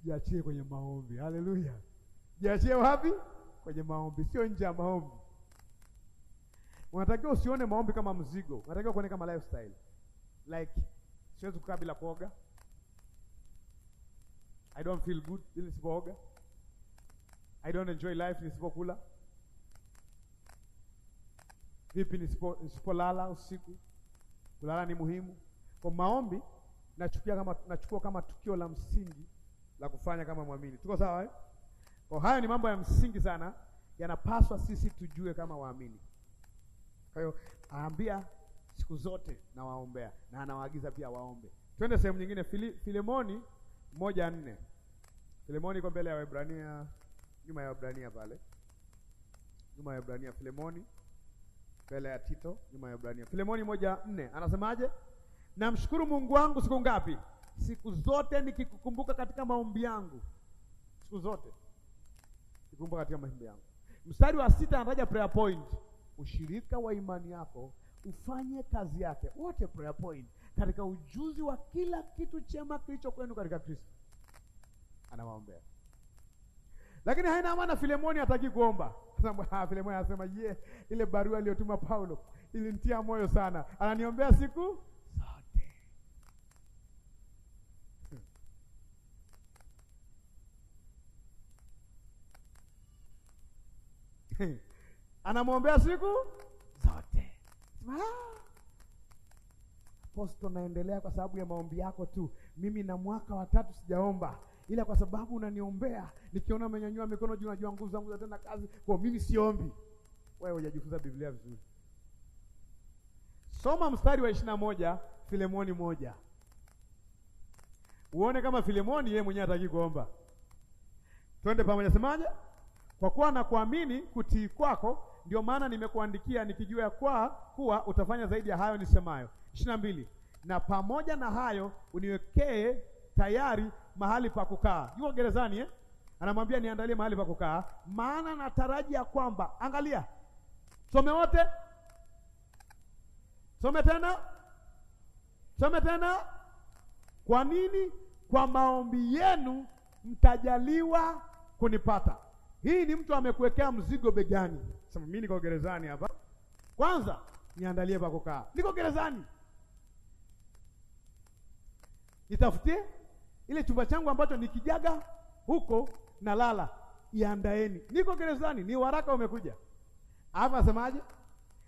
jiachie kwenye maombi. Haleluya! Jiachie wapi? kwenye maombi, sio nje ya maombi. Unatakiwa usione maombi kama mzigo, unatakiwa kuone kama lifestyle. Like siwezi kukaa bila kuoga, I don't feel good ili sipooga, I don't enjoy life nisipokula vipi nisipolala usiku. Kulala ni muhimu. Kwa maombi nachukia kama, nachukua kama tukio la msingi la kufanya kama mwamini. Tuko sawa eh? Kwa hayo ni mambo ya msingi sana, yanapaswa sisi tujue kama waamini. Kwa hiyo aambia siku zote nawaombea na anawaagiza pia waombe. Twende sehemu nyingine, Filemoni moja nne. Filemoni iko mbele ya Waebrania, nyuma ya Waebrania pale, nyuma ya Waebrania, Filemoni mbele ya Tito, nyuma ya Waebrania, Filemoni moja nne anasemaje? Namshukuru Mungu wangu siku ngapi? Siku zote nikikukumbuka katika maombi yangu, siku zote Nimekumbuka katika mahimbo yangu. Mstari wa sita anataja prayer point. Ushirika wa imani yako ufanye kazi yake wote, prayer point, katika ujuzi wa kila kitu chema kilicho kwenu katika Kristo. Anawaombea, lakini haina maana Filemoni hataki kuomba. Ah, Filemoni anasema ye, ile barua aliyotuma Paulo ilinitia moyo sana, ananiombea siku anamwombea siku zote. Ah. Posto, naendelea kwa sababu ya maombi yako tu. Mimi na mwaka wa tatu sijaomba, ila kwa sababu unaniombea, nikiona amenyanyua mikono juu, najua nguvu zangu zatenda kazi. Kwa mimi siombi. Wewe hujajifunza Biblia vizuri. Soma mstari wa ishirini na moja Filemoni moja uone kama Filemoni yeye mwenyewe hataki kuomba. Twende pamoja, semaje? Kwa kuwa na kuamini kutii kwako, ndio maana nimekuandikia nikijua kwa kuwa utafanya zaidi ya hayo nisemayo. ishirini na mbili na pamoja na hayo uniwekee tayari mahali pa kukaa. Yuko gerezani eh? Anamwambia niandalie mahali pa kukaa, maana natarajia kwamba. Angalia, some wote, some tena, some tena. Kwa nini? Kwa maombi yenu mtajaliwa kunipata. Hii ni mtu amekuwekea mzigo begani. Sema mimi niko gerezani hapa, kwanza niandalie pa kukaa, niko gerezani, nitafutie ile chumba changu ambacho nikijaga huko na lala, iandaeni, niko gerezani. Ni waraka umekuja hapa, asemaje?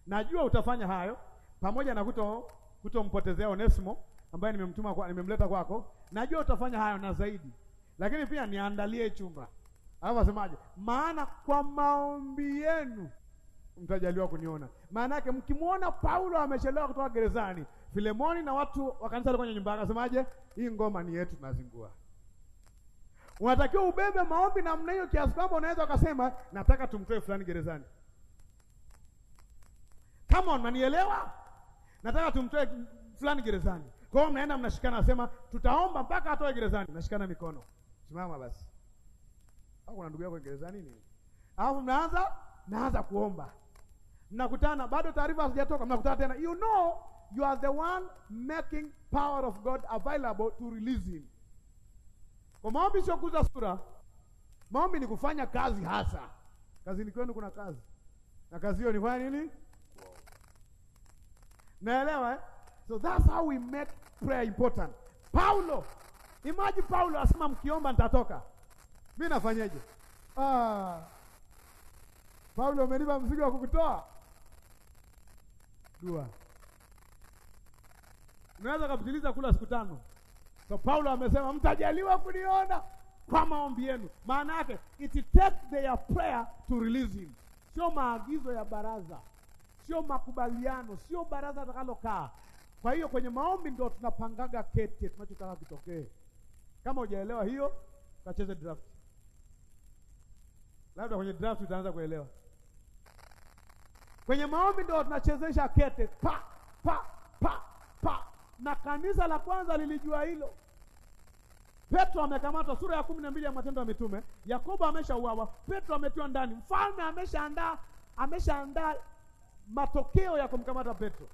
Najua utafanya hayo pamoja na kuto kutompotezea Onesimo ambaye nimemtuma kwa, nimemleta kwako. Najua utafanya hayo na zaidi, lakini pia niandalie chumba Alafu asemaje? Maana kwa maombi yenu mtajaliwa kuniona. Maana yake mkimwona Paulo amechelewa kutoka gerezani, Filemoni na watu wa kanisa walikuwa nyumba yake, asemaje? Hii ngoma ni yetu, tunazingua. Unatakiwa ubebe maombi namna hiyo kiasi kwamba unaweza ukasema nataka tumtoe fulani gerezani. Come on, manielewa? Nataka tumtoe fulani gerezani. Kwa hiyo mnaenda mnashikana, nasema tutaomba mpaka atoe gerezani. Nashikana mikono. Simama basi au kuna ndugu yako Kiingereza nini? Alafu mnaanza naanza kuomba. Mnakutana bado taarifa hazijatoka, mnakutana tena. You know you are the one making power of God available to release him. Kwa maombi sio kuza sura. Maombi ni kufanya kazi hasa. Kazini kwenu kuna kazi. Na kazi hiyo ni kufanya nini? Naelewa eh? So that's how we make prayer important. Paulo, imagine Paulo asema mkiomba nitatoka mi nafanyeje? Ah, Paulo, umenipa mzigo wa kukutoa dua. Unaweza kapitiliza kula siku tano. So Paulo amesema mtajaliwa kuniona kwa maombi yenu. Maana yake it takes their prayer to release him, sio maagizo ya baraza, sio makubaliano, sio baraza atakalokaa. Kwa hiyo kwenye maombi ndio tunapangaga kete tunachotaka kitokee. Kama hujaelewa hiyo, kacheze draft labda kwenye draft utaanza kuelewa. Kwenye maombi ndio tunachezesha kete pa pa pa pa, na kanisa la kwanza lilijua hilo. Petro amekamatwa, sura ya kumi na mbili ya Matendo ya Mitume. Yakobo ameshauawa, Petro ametiwa ndani, mfalme ameshaandaa ameshaandaa matokeo ya kumkamata Petro.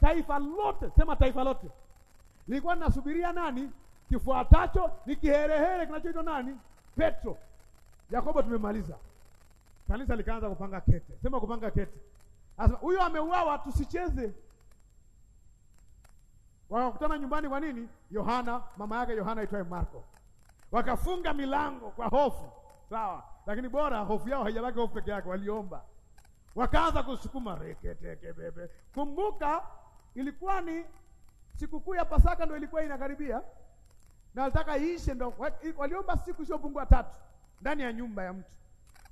Taifa lote sema, taifa lote lilikuwa linasubiria nani kifuatacho, ni kiherehere kinachoitwa nani? Petro. Yakobo tumemaliza. Kanisa likaanza kupanga kete. Sema kupanga kete. Asema huyo ameuawa tusicheze. Wakakutana nyumbani kwa nini? Yohana, mama yake Yohana aitwaye Marko. Wakafunga milango kwa hofu. Sawa. Lakini bora hofu yao haijabaki hofu peke yake, waliomba. Wakaanza kusukuma reketeke bebe. Kumbuka ilikuwa ni sikukuu ya Pasaka ndio ilikuwa inakaribia. Na alitaka iishe ndio waliomba siku isiyopungua tatu ndani ya nyumba ya mtu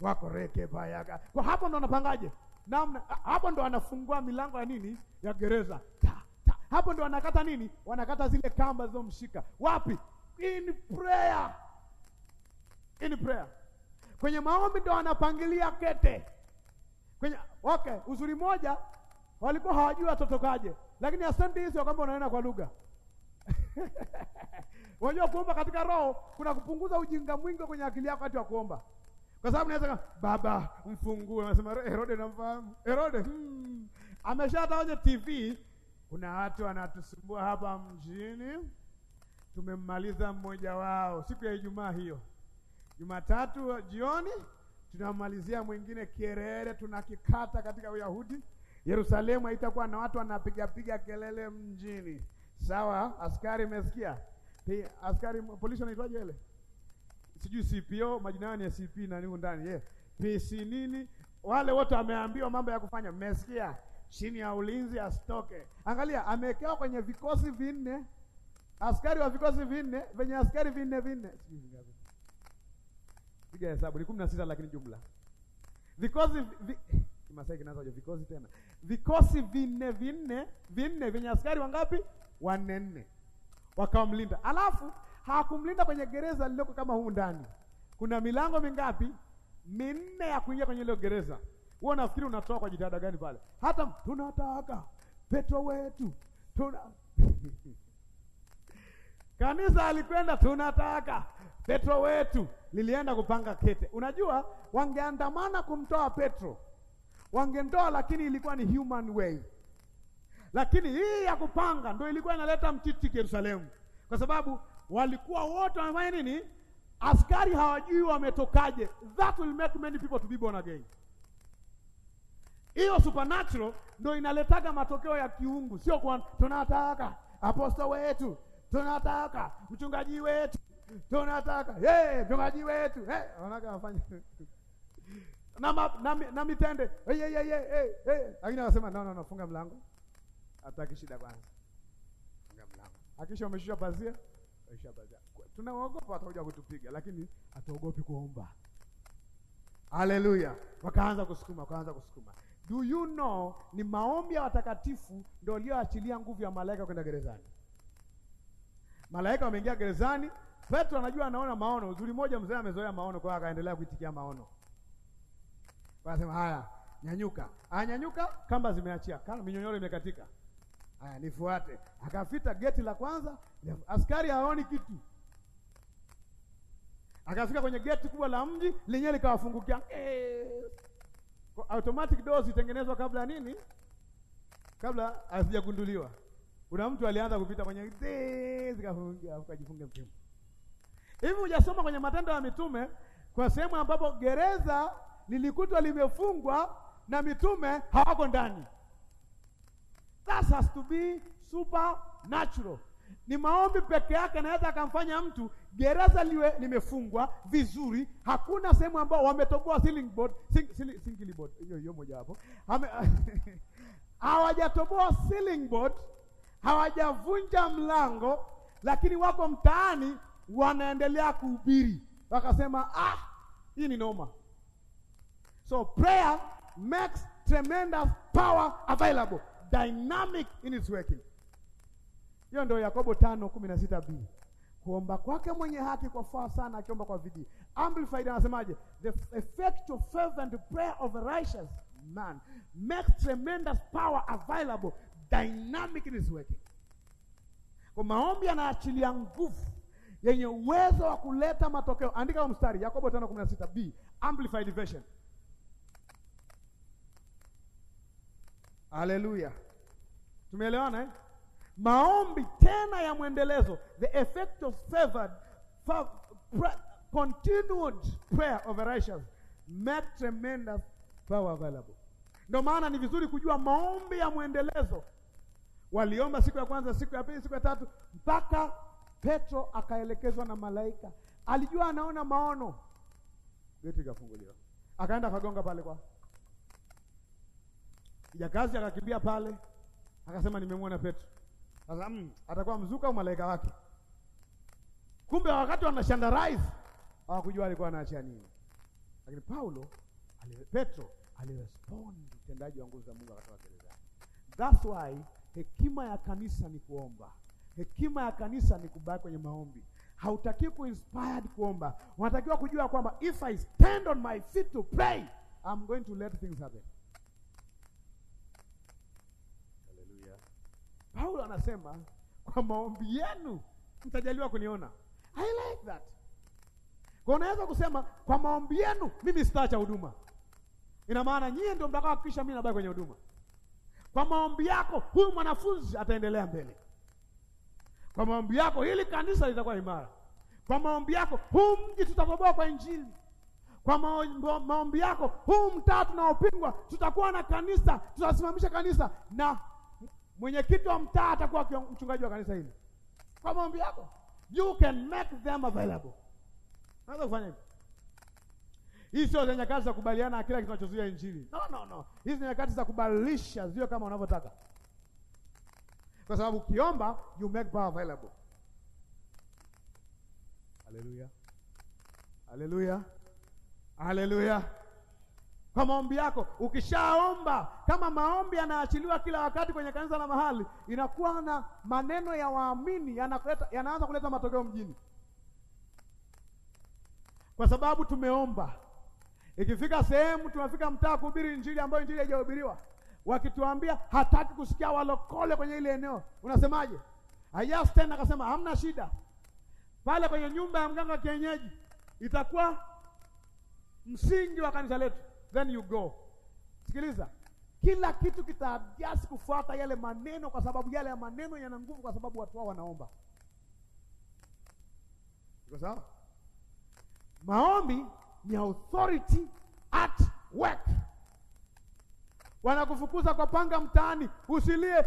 wako rekevayaga kwa hapo ndo anapangaje namna, hapo ndo anafungua milango ya nini ya gereza ta, ta. Hapo ndo wanakata nini, wanakata zile kamba zilizomshika wapi? In prayer, in prayer, kwenye maombi ndo wanapangilia kete kwenye okay. Uzuri moja walikuwa hawajui watotokaje, lakini asante hizo kwamba unaenda kwa lugha Unajua kuomba katika roho kuna kupunguza ujinga mwingi kwenye akili yako wakati wa kuomba. Kwa sababu naweza kama baba mfungue, anasema Herode namfahamu. Herode hmm. Ameshataje TV? Kuna watu wanatusumbua hapa mjini. Tumemmaliza mmoja wao siku ya Ijumaa hiyo. Jumatatu jioni tunamalizia mwingine Kierere, tunakikata katika Uyahudi. Yerusalemu haitakuwa na watu wanapigapiga kelele mjini. Sawa, askari, mesikia? Pia askari polisi anaitwaje ile Sijui CPO, majina yao ni CP na niko ndani. Yeah. PC nini? Wale wote wameambiwa mambo ya kufanya. Mmesikia? Chini ya ulinzi asitoke. Angalia, amewekewa kwenye vikosi vinne. Askari wa vikosi vinne, venye askari vinne vinne. Piga hesabu ni 16 lakini jumla. Vikosi vi, Masai kinaanza kwa vikosi tena. Vikosi vinne vinne, vinne venye askari wangapi? Wanne nne wakamlinda. Alafu hawakumlinda kwenye gereza lililoko kama huu ndani. Kuna milango mingapi? Minne ya kuingia kwenye ile gereza. Wewe unafikiri unatoa kwa jitihada gani pale? Hata tunataka Petro wetu tuna kanisa alikwenda, tunataka Petro wetu, lilienda kupanga kete. Unajua, wangeandamana kumtoa Petro, wangendoa, lakini ilikuwa ni human way. Lakini hii ya kupanga ndio ilikuwa inaleta mtiti Yerusalemu, kwa sababu walikuwa wote wamefanya nini? Askari hawajui wametokaje. That will make many people to be born again. Hiyo supernatural ndio inaletaga matokeo ya kiungu, sio kwa tunataka aposto wetu, tunataka mchungaji wetu, tunataka hey, mchungaji wetu hey, wanaga wafanye na, na, na mitende hey, hey, hey, hey, hey. Lakini anasema no, no, no, funga mlango Hataki shida kwanza. Funga mlango. Hakisha umeshusha pazia? Umeshusha pazia. Tunaogopa atakuja kutupiga lakini hatuogopi kuomba. Haleluya. Wakaanza kusukuma, wakaanza kusukuma. Do you know ni maombi ya watakatifu ndio aliyoachilia nguvu ya malaika kwenda gerezani. Malaika wameingia gerezani, Petro anajua anaona maono. Uzuri moja mzee amezoea maono kwa akaendelea kuitikia maono. Kwa sema haya, nyanyuka. Anyanyuka kamba zimeachia. Kama minyonyoro imekatika. Aya, nifuate. Akafita geti la kwanza, askari haoni kitu. Akafika kwenye geti kubwa la mji lenyewe likawafungukia. Eh. Automatic doors itengenezwa kabla nini? Kabla hazijagunduliwa. Kuna mtu alianza kupita kwenye zikafungia, akajifunga mkimu. Hivi hujasoma kwenye Matendo ya Mitume kwa sehemu ambapo gereza lilikutwa limefungwa na mitume hawako ndani. That has to be supernatural. Ni maombi peke yake naweza akamfanya mtu gereza liwe limefungwa vizuri. Hakuna sehemu ambao wametoboa ceiling board, ceiling board hiyo hiyo moja hapo hawajatoboa ceiling board, hawajavunja mlango, lakini wako mtaani wanaendelea kuhubiri. Wakasema ah, hii ni noma. So prayer makes tremendous power available dynamic in its working. Hiyo ndio Yakobo 5:16b. Kuomba kwake mwenye haki kwa faa sana akiomba kwa bidii. Amplified anasemaje? The effect of fervent prayer of a righteous man makes tremendous power available dynamic in its working. Kwa maombi anaachilia nguvu yenye uwezo wa kuleta matokeo. Andika mstari Yakobo 5:16b, Amplified version. Haleluya, tumeelewana eh? Maombi tena ya mwendelezo, the effect of fervent continued prayer of a righteous make tremendous power available. Ndio maana ni vizuri kujua maombi ya mwendelezo. Waliomba siku ya kwanza, siku ya pili, siku ya tatu, mpaka Petro akaelekezwa na malaika. Alijua anaona maono, geti ikafunguliwa, akaenda akagonga pale kwa Kijakazi akakimbia pale, akasema nimemwona Petro. Sasa mm, atakuwa mzuka au malaika wake? Kumbe wakati wanashandarize hawakujua alikuwa anaacha nini, lakini Paulo ali Petro alirespondi utendaji wa nguvu za Mungu akatoka gerezani. That's why hekima ya kanisa ni kuomba. Hekima ya kanisa ni kubaki kwenye maombi. Hautaki ku inspired kuomba, unatakiwa kujua kwamba if I stand on my feet to pray I'm going to let things happen. Paulo anasema kwa maombi yenu mtajaliwa kuniona. I like that. Kwa unaweza kusema kwa maombi yenu mimi sitaacha huduma. Ina maana nyie ndio mtakao hakikisha mimi nabaki kwenye huduma. Kwa maombi yako huyu mwanafunzi ataendelea mbele. Kwa maombi yako hili kanisa litakuwa imara. Kwa maombi yako huu mji tutabomoa kwa Injili. Kwa maombi yako huu mtaa tunaopingwa, tutakuwa na kanisa, tutasimamisha kanisa na mwenyekiti wa mtaa atakuwa mchungaji wa kanisa hili kwa maombi yako. You can make them available. Unaweza kufanya hivyo. Hii sio zenye kazi za kubaliana na kila kinachozuia injili. No, no, no. Hizi ni nyakati za kubadilisha, sio kama unavyotaka, kwa sababu ukiomba you make power available. Haleluya, haleluya, haleluya kwa maombi yako. Ukishaomba, kama maombi yanaachiliwa kila wakati kwenye kanisa la mahali, inakuwa na maneno ya waamini yanakuleta, yanaanza kuleta matokeo mjini, kwa sababu tumeomba. Ikifika sehemu, tunafika mtaa kuhubiri injili ambayo injili haijahubiriwa, wakituambia hataki kusikia walokole kwenye ile eneo, unasemaje? Ayas tena akasema hamna shida, pale kwenye nyumba ya mganga wa kienyeji itakuwa msingi wa kanisa letu then you go. Sikiliza, kila kitu kitaadjust kufuata yale maneno, kwa sababu yale maneno yana nguvu, kwa sababu watu wao wanaomba. Iko sawa? Maombi ni authority at work. Wanakufukuza kwa panga mtaani, usilie,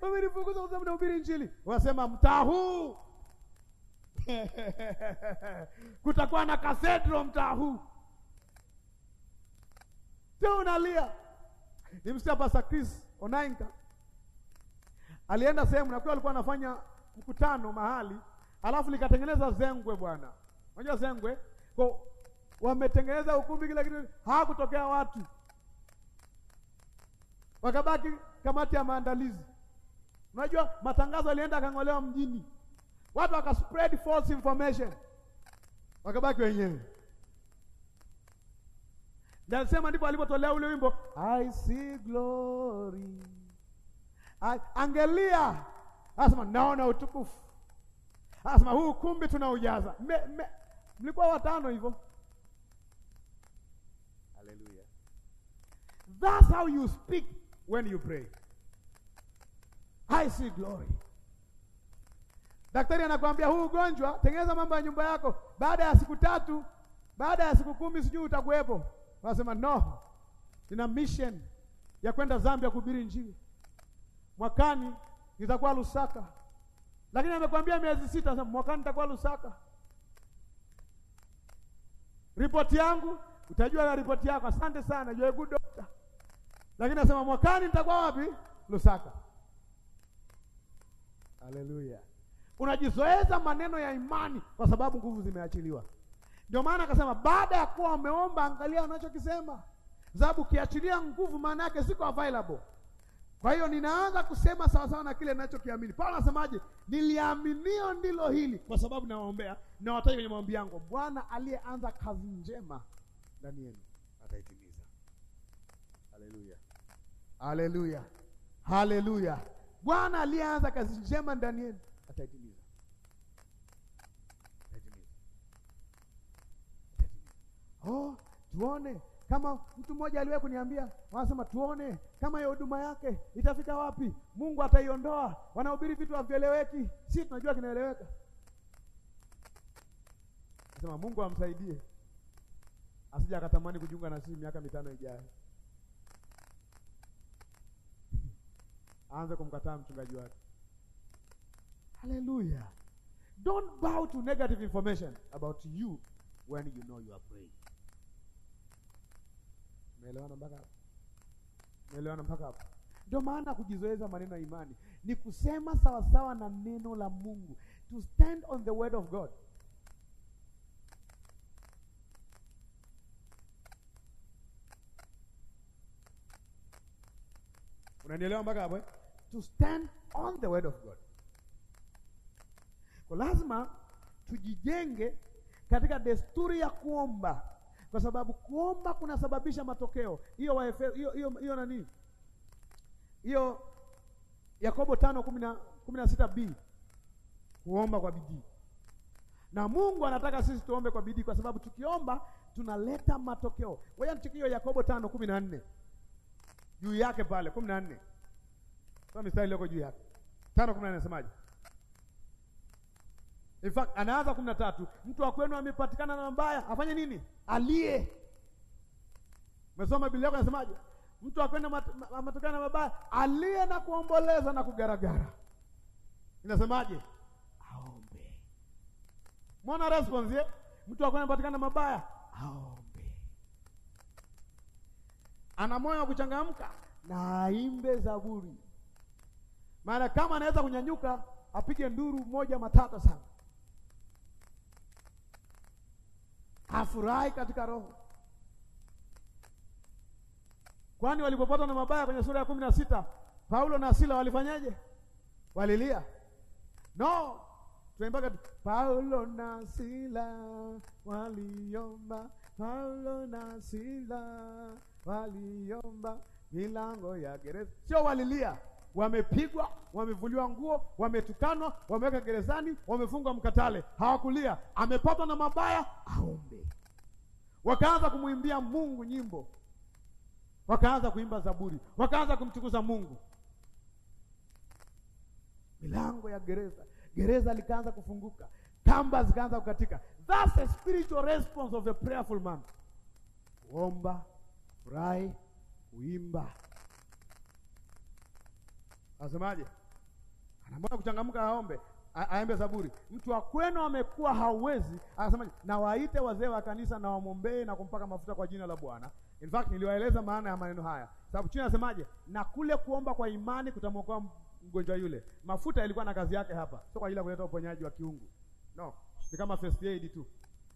wamenifukuza kwa sababu nahubiri Injili. Wanasema mtaa huu kutakuwa na kathedro mtaa huu Sio unalia. Nimsikia Pastor Chris Onainga alienda sehemu na kwa alikuwa anafanya mkutano mahali, alafu likatengeneza zengwe bwana. Unajua zengwe? Kwa wametengeneza ukumbi kila kitu, hawakutokea watu. Wakabaki kamati ya maandalizi. Unajua matangazo alienda akang'olewa mjini. Watu wakaspread false information. Wakabaki wenyewe. Nasema ndipo alipotolea ule wimbo I see glory. Angelia, asema naona utukufu, anasema huu ukumbi tunaujaza. Mlikuwa watano hivyo. Hallelujah. That's how you speak when you pray. I see glory. Daktari anakuambia huu ugonjwa, tengeneza mambo ya nyumba yako, baada ya siku tatu, baada ya siku kumi, sijui utakuwepo Wanasema no, nina mission ya kwenda Zambia kuhubiri Injili, mwakani nitakuwa Lusaka, lakini amekwambia miezi sita, mwakani nitakuwa Lusaka. Ripoti yangu utajua na ripoti yako. Asante sana, you are good doctor, lakini nasema mwakani nitakuwa wapi? Lusaka. Haleluya! Unajizoeza maneno ya imani kwa sababu nguvu zimeachiliwa. Ndio maana akasema baada ya kuwa ameomba angalia anachokisema sababu ukiachilia nguvu, maana yake siko available. Kwa hiyo ninaanza kusema sawa na kile ninachokiamini. Paulo anasemaje? Niliaminio ndilo hili, kwa sababu nawaombea na wataji kwenye maombi yangu, Bwana aliyeanza kazi njema ndani yenu ataitimiza. Haleluya, haleluya, haleluya! Bwana aliyeanza kazi njema ndani yenu oh, tuone kama mtu mmoja aliwahi kuniambia, wanasema tuone kama hiyo huduma yake itafika wapi, Mungu ataiondoa. Wanahubiri vitu havieleweki, si tunajua kinaeleweka. Nasema Mungu amsaidie asije akatamani kujiunga na sisi miaka mitano ijayo, aanze kumkataa mchungaji wake. Haleluya! Don't bow to negative information about you when you know you are praying. Umeelewana mpaka hapo? Umeelewana mpaka hapo? Ndio maana kujizoeza maneno ya imani ni kusema sawasawa na neno la Mungu, to stand on the word of God. Unanielewa mpaka hapo? Eh? To stand on the word of God. Kwa lazima tujijenge katika desturi ya kuomba kwa sababu kuomba kunasababisha matokeo. Hiyo hiyo hiyo nani hiyo, Yakobo tano kumi na sita b kuomba kwa bidii. Na Mungu anataka sisi tuombe kwa bidii, kwa sababu tukiomba tunaleta matokeo. Wewe mtikio Yakobo tano kumi na nne juu yake pale kumi na nne mstari iliyoko juu yake tano kumi na nne nasemaje? In fact, anaanza kumi na tatu, mtu wa kwenu amepatikana na mbaya afanye nini? alie mesoma Biblia yako inasemaje? Mtu wa kwenu ametokana na mabaya alie na kuomboleza na kugaragara, inasemaje? Aombe. Mwona response ye? Mtu wa kwenu amepatikana na mabaya aombe, ana moyo wa kuchangamka na aimbe zaburi, maana kama anaweza kunyanyuka apige nduru moja matata sana afurahi katika roho. Kwani walipopatwa na mabaya kwenye sura ya kumi na sita Paulo na Sila walifanyaje? Walilia? No, tunaimbaga Paulo na Sila waliomba, Paulo na Sila waliomba milango ya gereza, sio walilia wamepigwa, wamevuliwa nguo, wametukanwa, wameweka gerezani, wamefungwa mkatale, hawakulia. Amepatwa na mabaya, aombe. Wakaanza kumwimbia Mungu nyimbo, wakaanza kuimba Zaburi, wakaanza kumtukuza Mungu. Milango ya gereza, gereza likaanza kufunguka, kamba zikaanza kukatika. That's a spiritual response of a prayerful man, kuomba, furahi, kuimba Anasemaje? Anamwona kuchangamka, aombe aembe zaburi. Mtu wa kwenu amekuwa hauwezi, anasemaje? Na waite wazee wa kanisa na wamwombee na kumpaka mafuta kwa jina la Bwana. In fact niliwaeleza maana ya maneno haya, sababu chini anasemaje? Na kule kuomba kwa imani kutamwokoa mgonjwa yule. Mafuta ilikuwa na kazi yake hapa, sio kwa ajili ya kuleta uponyaji wa kiungu, no, ni kama first aid tu,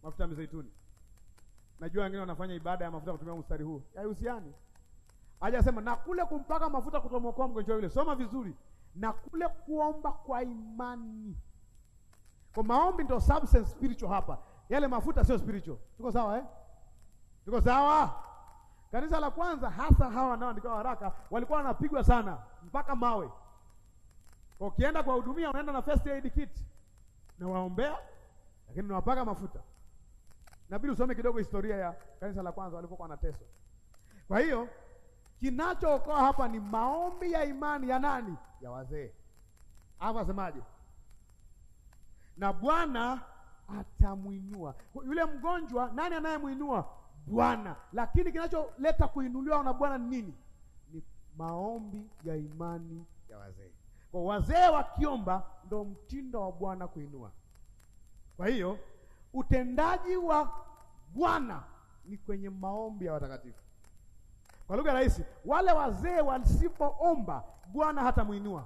mafuta ya mzeituni. Najua wengine wanafanya ibada ya mafuta kutumia mstari huu, haihusiani hajasema na kule kumpaka mafuta kutomwokoa mgonjwa yule. Soma vizuri, na kule kuomba kwa imani. Kwa maombi ndio substance spiritual hapa, yale mafuta sio spiritual. Tuko sawa eh? Tuko sawa. Kanisa la kwanza hasa hawa wanaoandika waraka walikuwa wanapigwa sana mpaka mawe. Ukienda kuwahudumia unaenda na first aid kit na waombea, lakini unawapaka mafuta. Nabidi usome kidogo historia ya kanisa la kwanza walipokuwa wanateswa. Kwa hiyo Kinachookoa hapa ni maombi ya imani ya nani? Ya wazee. Hapo asemaje? Na Bwana atamwinua yule mgonjwa. Nani anayemwinua? Bwana. Lakini kinacholeta kuinuliwa na Bwana ni nini? Ni maombi ya imani ya wazee. Kwa wazee wakiomba, ndo mtindo wa Bwana kuinua. Kwa hiyo utendaji wa Bwana ni kwenye maombi ya watakatifu. Kwa lugha rahisi, wale wazee wasipoomba Bwana hatamwinua.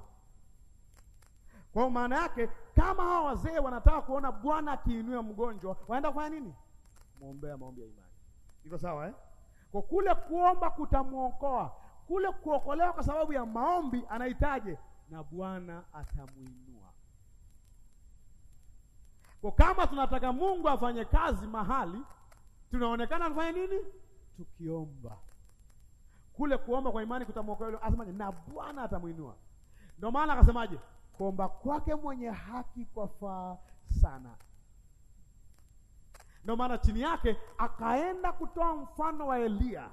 Kwa maana yake kama hawa wazee wanataka kuona Bwana akiinua mgonjwa, waenda kufanya nini? Muombea maombi ya imani. Iko sawa eh? Kwa kule kuomba kutamwokoa, kule kuokolewa kwa sababu ya maombi anahitaje, na Bwana atamwinua. Kwa kama tunataka Mungu afanye kazi mahali, tunaonekana tufanye nini? Tukiomba. Kule kuomba kwa imani kutamwokoa yule, asemaje? Na Bwana atamuinua. Ndio maana akasemaje? Kuomba kwake mwenye haki kwafaa sana. Ndio maana chini yake akaenda kutoa mfano wa Eliya,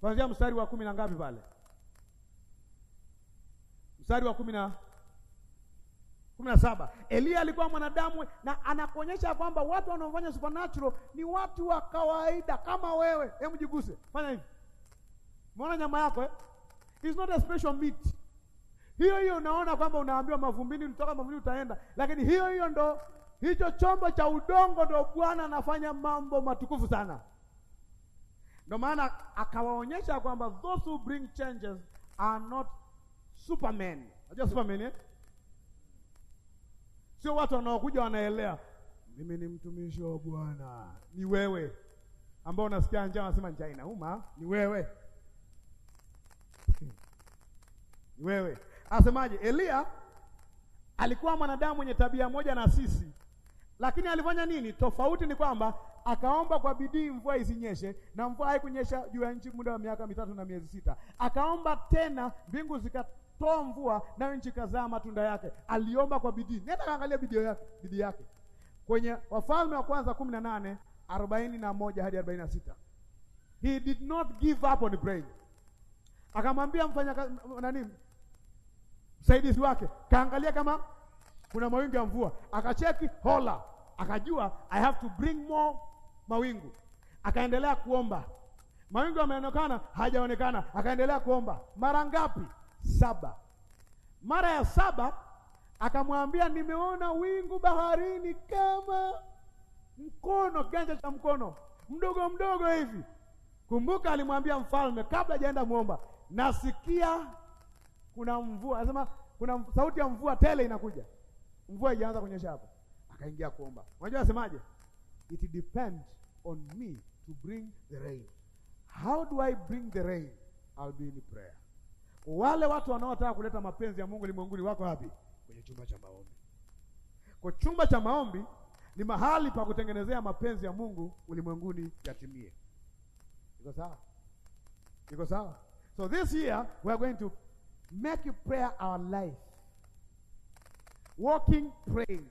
kuanzia mstari wa kumi na ngapi pale, mstari wa kumi na kumi na saba. Eliya alikuwa mwanadamu na anakuonyesha kwamba watu wanaofanya supernatural ni watu wa kawaida kama wewe. Hebu jiguse, fanya hivi Umeona nyama yako eh? It's not a special meat. Hiyo hiyo unaona kwamba unaambiwa mavumbini ulitoka, mavumbini utaenda, lakini hiyo hiyo ndo hicho chombo cha udongo, ndo Bwana anafanya mambo matukufu sana. Ndio maana akawaonyesha kwamba those who bring changes are not supermen. Unajua supermen eh? Sio watu wanaokuja wanaelea, mimi ni mtumishi wa Bwana. Ni wewe ambao unasikia njaa unasema njaa inauma, ni wewe wewe. Asemaje? Elia alikuwa mwanadamu mwenye tabia moja na sisi, lakini alifanya nini? Tofauti ni kwamba akaomba kwa bidii mvua isinyeshe, na mvua haikunyesha juu ya nchi muda wa miaka mitatu na miezi sita. Akaomba tena, mbingu zikatoa mvua, nayo nchi kazaa matunda yake. Aliomba kwa bidii. Nenda kaangalia bidii yake, bidii yake kwenye Wafalme wa Kwanza kumi na nane arobaini na moja hadi arobaini na sita. He did not give up on praying. Akamwambia mfanya nani msaidizi wake kaangalia kama kuna mawingu ya mvua, akacheki hola, akajua I have to bring more mawingu. Akaendelea kuomba, mawingu yameonekana, hajaonekana, akaendelea kuomba. Mara ngapi? Saba. Mara ya saba akamwambia, nimeona wingu baharini kama mkono, kiganja cha mkono mdogo mdogo hivi. Kumbuka alimwambia mfalme kabla hajaenda muomba, nasikia kuna mvua, anasema kuna sauti ya mvua tele inakuja, mvua ijaanza kunyesha hapo. Akaingia kuomba. Unajua asemaje? It depends on me to bring the rain. How do I bring the rain? I'll be in prayer. Wale watu wanaotaka kuleta mapenzi ya Mungu limwenguni wako wapi? Kwenye chumba cha maombi. Kwa chumba cha maombi ni mahali pa kutengenezea mapenzi ya Mungu ulimwenguni yatimie. Iko sawa? Iko sawa? So this year we are going to Make prayer our life. Walking praying.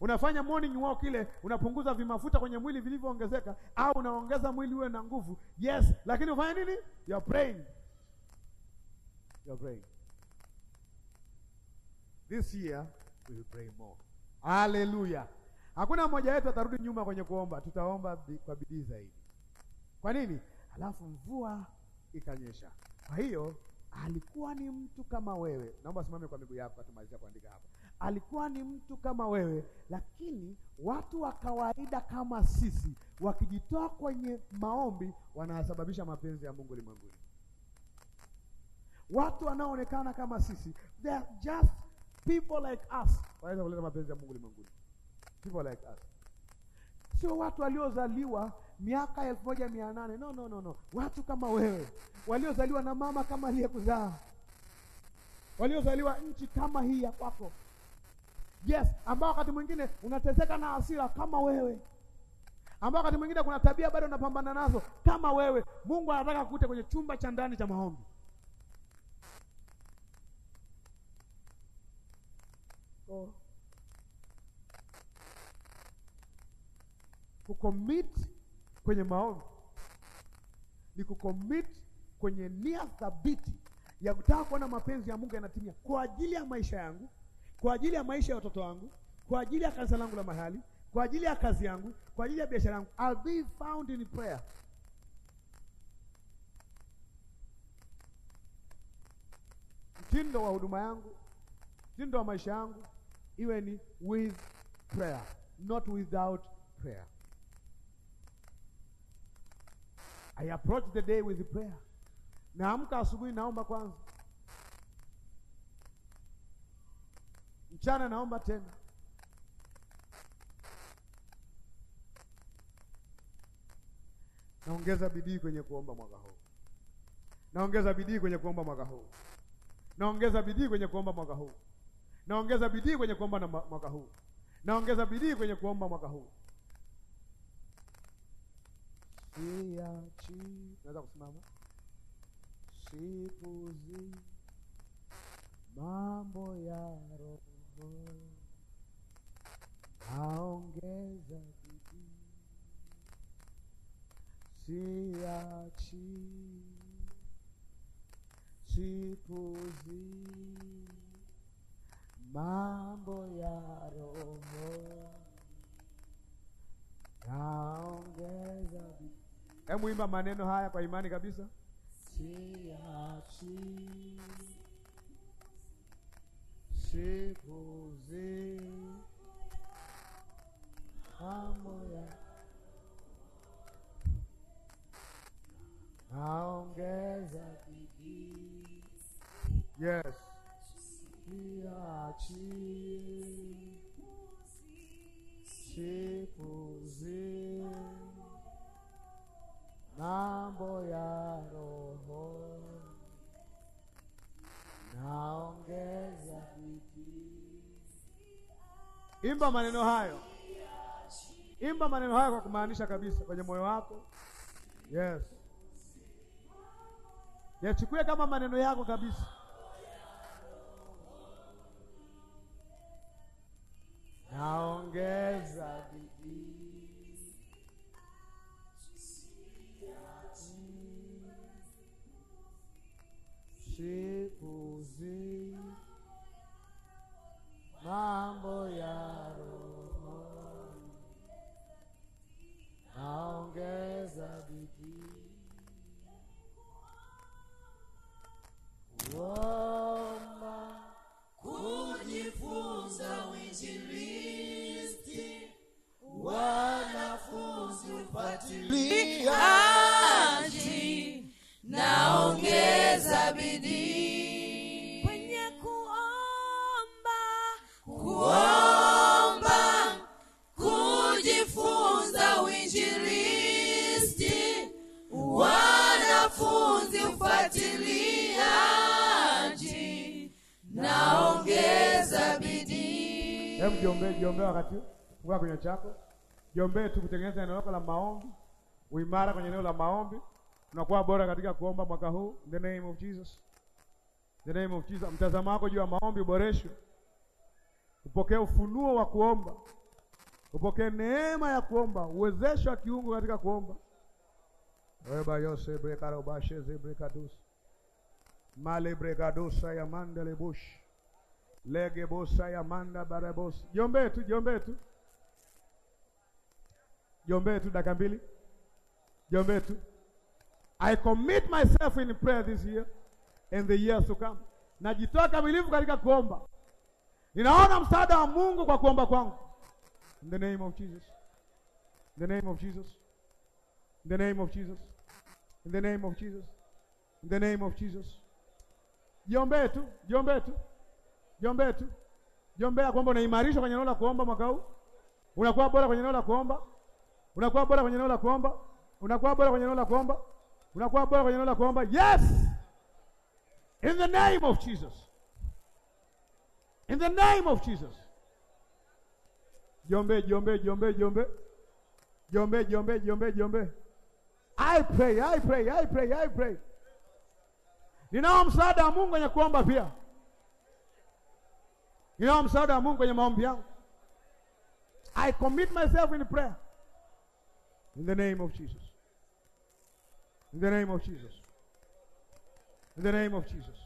Unafanya morning walk ile, unapunguza vimafuta kwenye mwili vilivyoongezeka, au unaongeza mwili uwe na nguvu. Yes, lakini ufanya nini? are praying. are praying. This year we will pray more. Hallelujah. Hakuna mmoja wetu atarudi nyuma kwenye kuomba, tutaomba kwa bidii zaidi. Kwa nini? Alafu mvua ikanyesha. Kwa hiyo alikuwa ni mtu kama wewe. Naomba simame kwa miguu yako, atumalizia kuandika hapa. Alikuwa ni mtu kama wewe, lakini watu wa kawaida kama sisi wakijitoa kwenye maombi wanasababisha mapenzi ya Mungu limwenguni Watu wanaoonekana kama sisi, they are just people like us, wanaweza kuleta mapenzi ya Mungu ulimwenguni. People like us sio watu waliozaliwa miaka elfu moja mia nane no, no, no, no. Watu kama wewe waliozaliwa na mama kama aliyekuzaa, waliozaliwa nchi kama hii ya kwako, yes, ambao wakati mwingine unateseka na hasira kama wewe, ambao wakati mwingine kuna tabia bado unapambana nazo kama wewe. Mungu anataka kukute kwenye chumba cha ndani cha maombi. Oh kwenye maombi ni kucommit kwenye nia thabiti ya kutaka kuona mapenzi ya Mungu yanatimia kwa ajili ya maisha yangu, kwa ajili ya maisha ya watoto wangu, kwa ajili ya kanisa langu la mahali, kwa ajili ya kazi yangu, kwa ajili ya biashara yangu. I'll be found in prayer. Mtindo wa huduma yangu, mtindo wa maisha yangu iwe ni with prayer, not without prayer. I approach the day with prayer. Naamka asubuhi, naomba kwanza, mchana naomba tena, naongeza bidii kwenye kuomba mwaka huu, naongeza bidii kwenye kuomba mwaka huu, naongeza bidii kwenye kuomba mwaka huu, naongeza bidii kwenye kuomba na mwaka huu, naongeza bidii kwenye kuomba mwaka huu. Shiachi. Não dá pra cima, Shibuzi. Mamboyaro. Aongeza Bibi. Shiachi. Shibuzi. Mamboyaro. Aongeza Bibi. Hebu é imba maneno haya kwa imani kabisa. Siachi sikuzi hamoya naongeza bidii. Yes. Siachi sikuzi mambo ya roho naongeza imba maneno hayo, imba maneno hayo kwa kumaanisha kabisa kwenye moyo wako. Yes, yachukue kama maneno yako kabisa. Naongeza J'ai posé mambo ya roho naongeza bidii kuomba kujifunza uinjilisti wanafunzi ufuatilia naongeza bidii kwenye kuomba kuomba kujifunza uinjiristi wanafunzi ufatiliaji naongeza bidii hebu jiombee jiombee wakati kukaa kwenye chako jiombee tukutengeneza eneo lako la maombi uimara kwenye eneo la maombi Tunakuwa bora katika kuomba mwaka huu in the name of Jesus. In the name of Jesus. Mtazamo wako juu ya maombi uboreshwe. Upokee ufunuo wa kuomba. Upokee neema ya kuomba, uwezesho wa kiungu katika kuomba. Reba yose breka roba sheze breka dus. Male breka dosa ya mandele bush. Lege bosa ya manda barabos. Jiombee tu, jiombee tu. Jiombee tu dakika mbili. Jiombee tu. I commit myself in prayer this year and the years to come. Najitoa kamilifu katika kuomba. Ninaona msaada wa Mungu kwa kuomba kwangu. In the name of Jesus. In the name of Jesus. In the name of Jesus. In the name of Jesus. In the name of Jesus. Jiombe tu, jiombe tu. Jiombe tu. Jiombea kwamba unaimarishwa kwenye neno la kuomba mwaka huu. Unakuwa bora kwenye neno la kuomba. Unakuwa bora kwenye neno la kuomba. Unakuwa bora kwenye neno la kuomba. Unakuwa bora kwenye neno la kuomba. Yes. In the name of Jesus. In the name of Jesus. Jombe, jombe, jombe, jombe. Jombe, jombe, jombe, jombe. I pray, I pray, I pray, I pray. Ninao msaada wa Mungu kwenye kuomba pia. Ninao msaada wa Mungu kwenye maombi yangu. I commit myself in prayer. In the name of Jesus. In the name of Jesus. In the name of Jesus.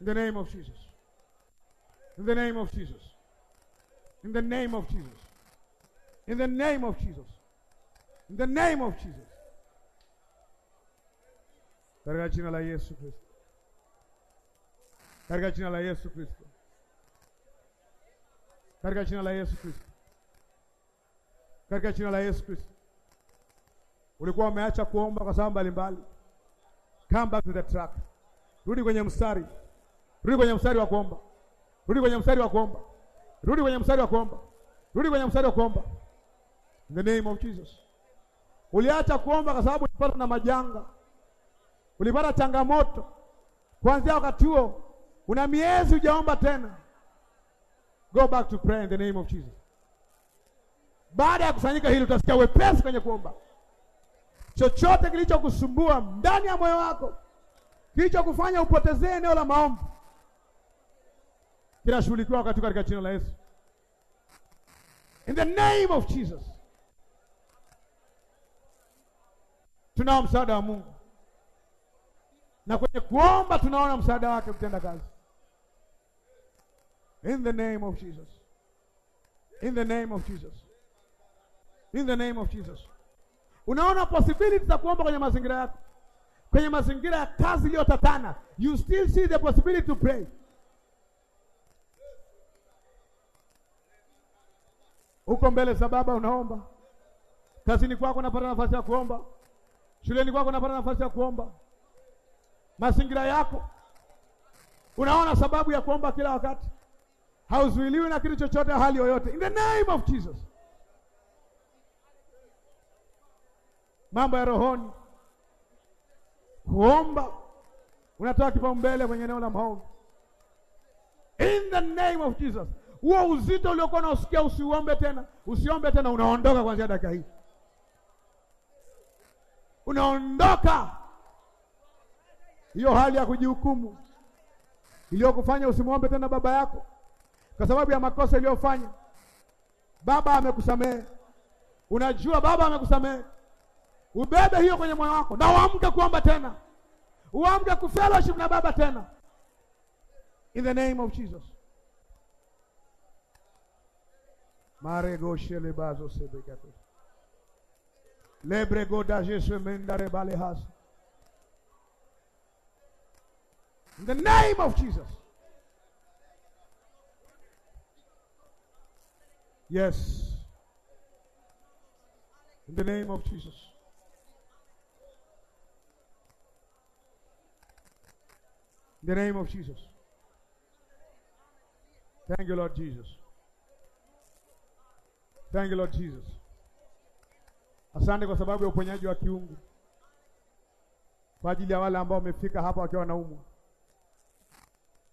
In the name of Jesus. In the name of Jesus. In the name of Jesus. In the name of Jesus. In the name of Jesus. katika jina la Yesu Kristo, katika jina la Yesu Kristo, katika jina la Yesu Kristo, katika la Yesu Kristo. Ulikuwa umeacha kuomba kwa sababu mbalimbali. Come back to the track. Rudi kwenye mstari. Rudi kwenye mstari wa kuomba. Rudi kwenye mstari wa kuomba. Rudi kwenye mstari wa kuomba. Rudi kwenye mstari wa kuomba. In the name of Jesus. Uliacha kuomba kwa sababu ulipata na majanga. Ulipata changamoto. Kuanzia wakati huo una miezi hujaomba tena. Go back to prayer in the name of Jesus. Baada ya kusanyika hili utasikia wepesi kwenye kuomba chochote kilichokusumbua ndani ya moyo wako kilichokufanya upotezee eneo la maombi kinashughulikiwa wakati katika jina la Yesu. In the name of Jesus. Tunao msaada wa Mungu na kwenye kuomba tunaona msaada wake kutenda kazi. In the name of Jesus. In the name of Jesus. In the name of Jesus. Unaona possibility za kuomba kwenye mazingira yako, kwenye mazingira ya kazi iliyotatana, you still see the possibility to pray. Uko mbele za Baba, unaomba kazini kwako, unapata nafasi ya kuomba shuleni kwako, unapata nafasi ya kuomba mazingira yako. Unaona sababu ya kuomba kila wakati, hauzuiliwi na kitu chochote, hali yoyote, in the name of Jesus. mambo ya rohoni. Kuomba unatoa kipaumbele kwenye eneo la maombi, in the name of Jesus. Huo uzito uliokuwa unasikia usiombe tena, usiombe tena, unaondoka kuanzia dakika hii, unaondoka hiyo hali ya kujihukumu iliyokufanya usimwombe tena baba yako kwa sababu ya makosa iliyofanya. Baba amekusamehe, unajua baba amekusamehe. Ubebe hiyo kwenye moyo wako na uamke kuomba tena, uamke kufellowship na Baba tena, in the name of Jesus. maregoshelebazosebekat lebregodajesemendarebalehas in the name of Jesus. Yes. In the name of Jesus. In the name of Jesus. Thank you, Lord Jesus. Thank you, Lord Jesus. Asante kwa sababu ya uponyaji wa kiungu kwa ajili ya wale ambao wamefika hapa wakiwa wanaumwa.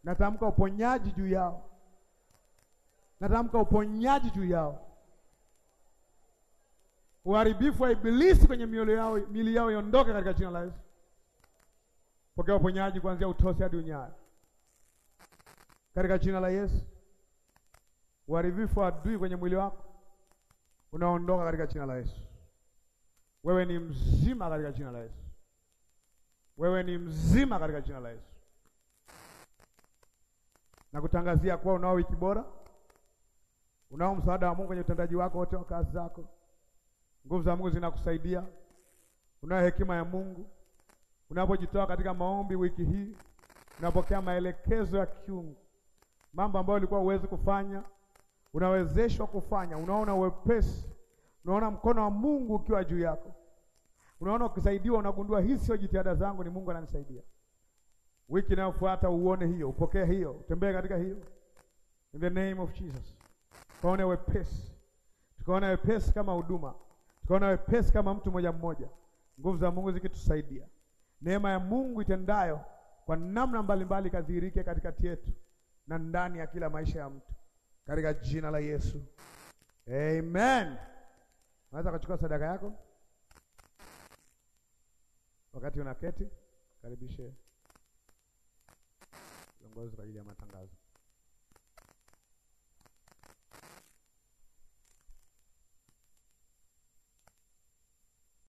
Natamka uponyaji juu yao. Natamka uponyaji juu yao. Uharibifu wa ibilisi kwenye mioyo yao, mili yao iondoke katika jina la Yesu. Pokea uponyaji kuanzia utosi hadi unyayo katika jina la Yesu. Uharibifu adui kwenye mwili wako unaondoka katika jina la Yesu. Wewe ni mzima katika jina la Yesu. Wewe ni mzima katika jina la Yesu. Nakutangazia kuwa unao wiki bora, unao msaada wa Mungu kwenye utendaji wako wote wa kazi zako. Nguvu za Mungu zinakusaidia, unao hekima ya Mungu Unapojitoa katika maombi wiki hii, unapokea maelekezo ya kiungu, mambo ambayo ulikuwa huwezi kufanya unawezeshwa kufanya. Unaona wepesi, unaona mkono wa Mungu ukiwa juu yako, unaona ukisaidiwa, unagundua hii sio jitihada zangu, ni Mungu ananisaidia. Wiki inayofuata uone hiyo, upokee hiyo, utembee katika hiyo, in the name of Jesus. Tukaone wepesi, tukaona wepesi kama huduma, tukaona wepesi kama mtu mmoja mmoja, nguvu za Mungu zikitusaidia neema ya Mungu itendayo kwa namna mbalimbali kadhihirike katikati yetu na ndani ya kila maisha ya mtu katika jina la Yesu, amen. Unaweza kuchukua sadaka yako wakati unaketi. Karibishe viongozi kwa ajili ya matangazo.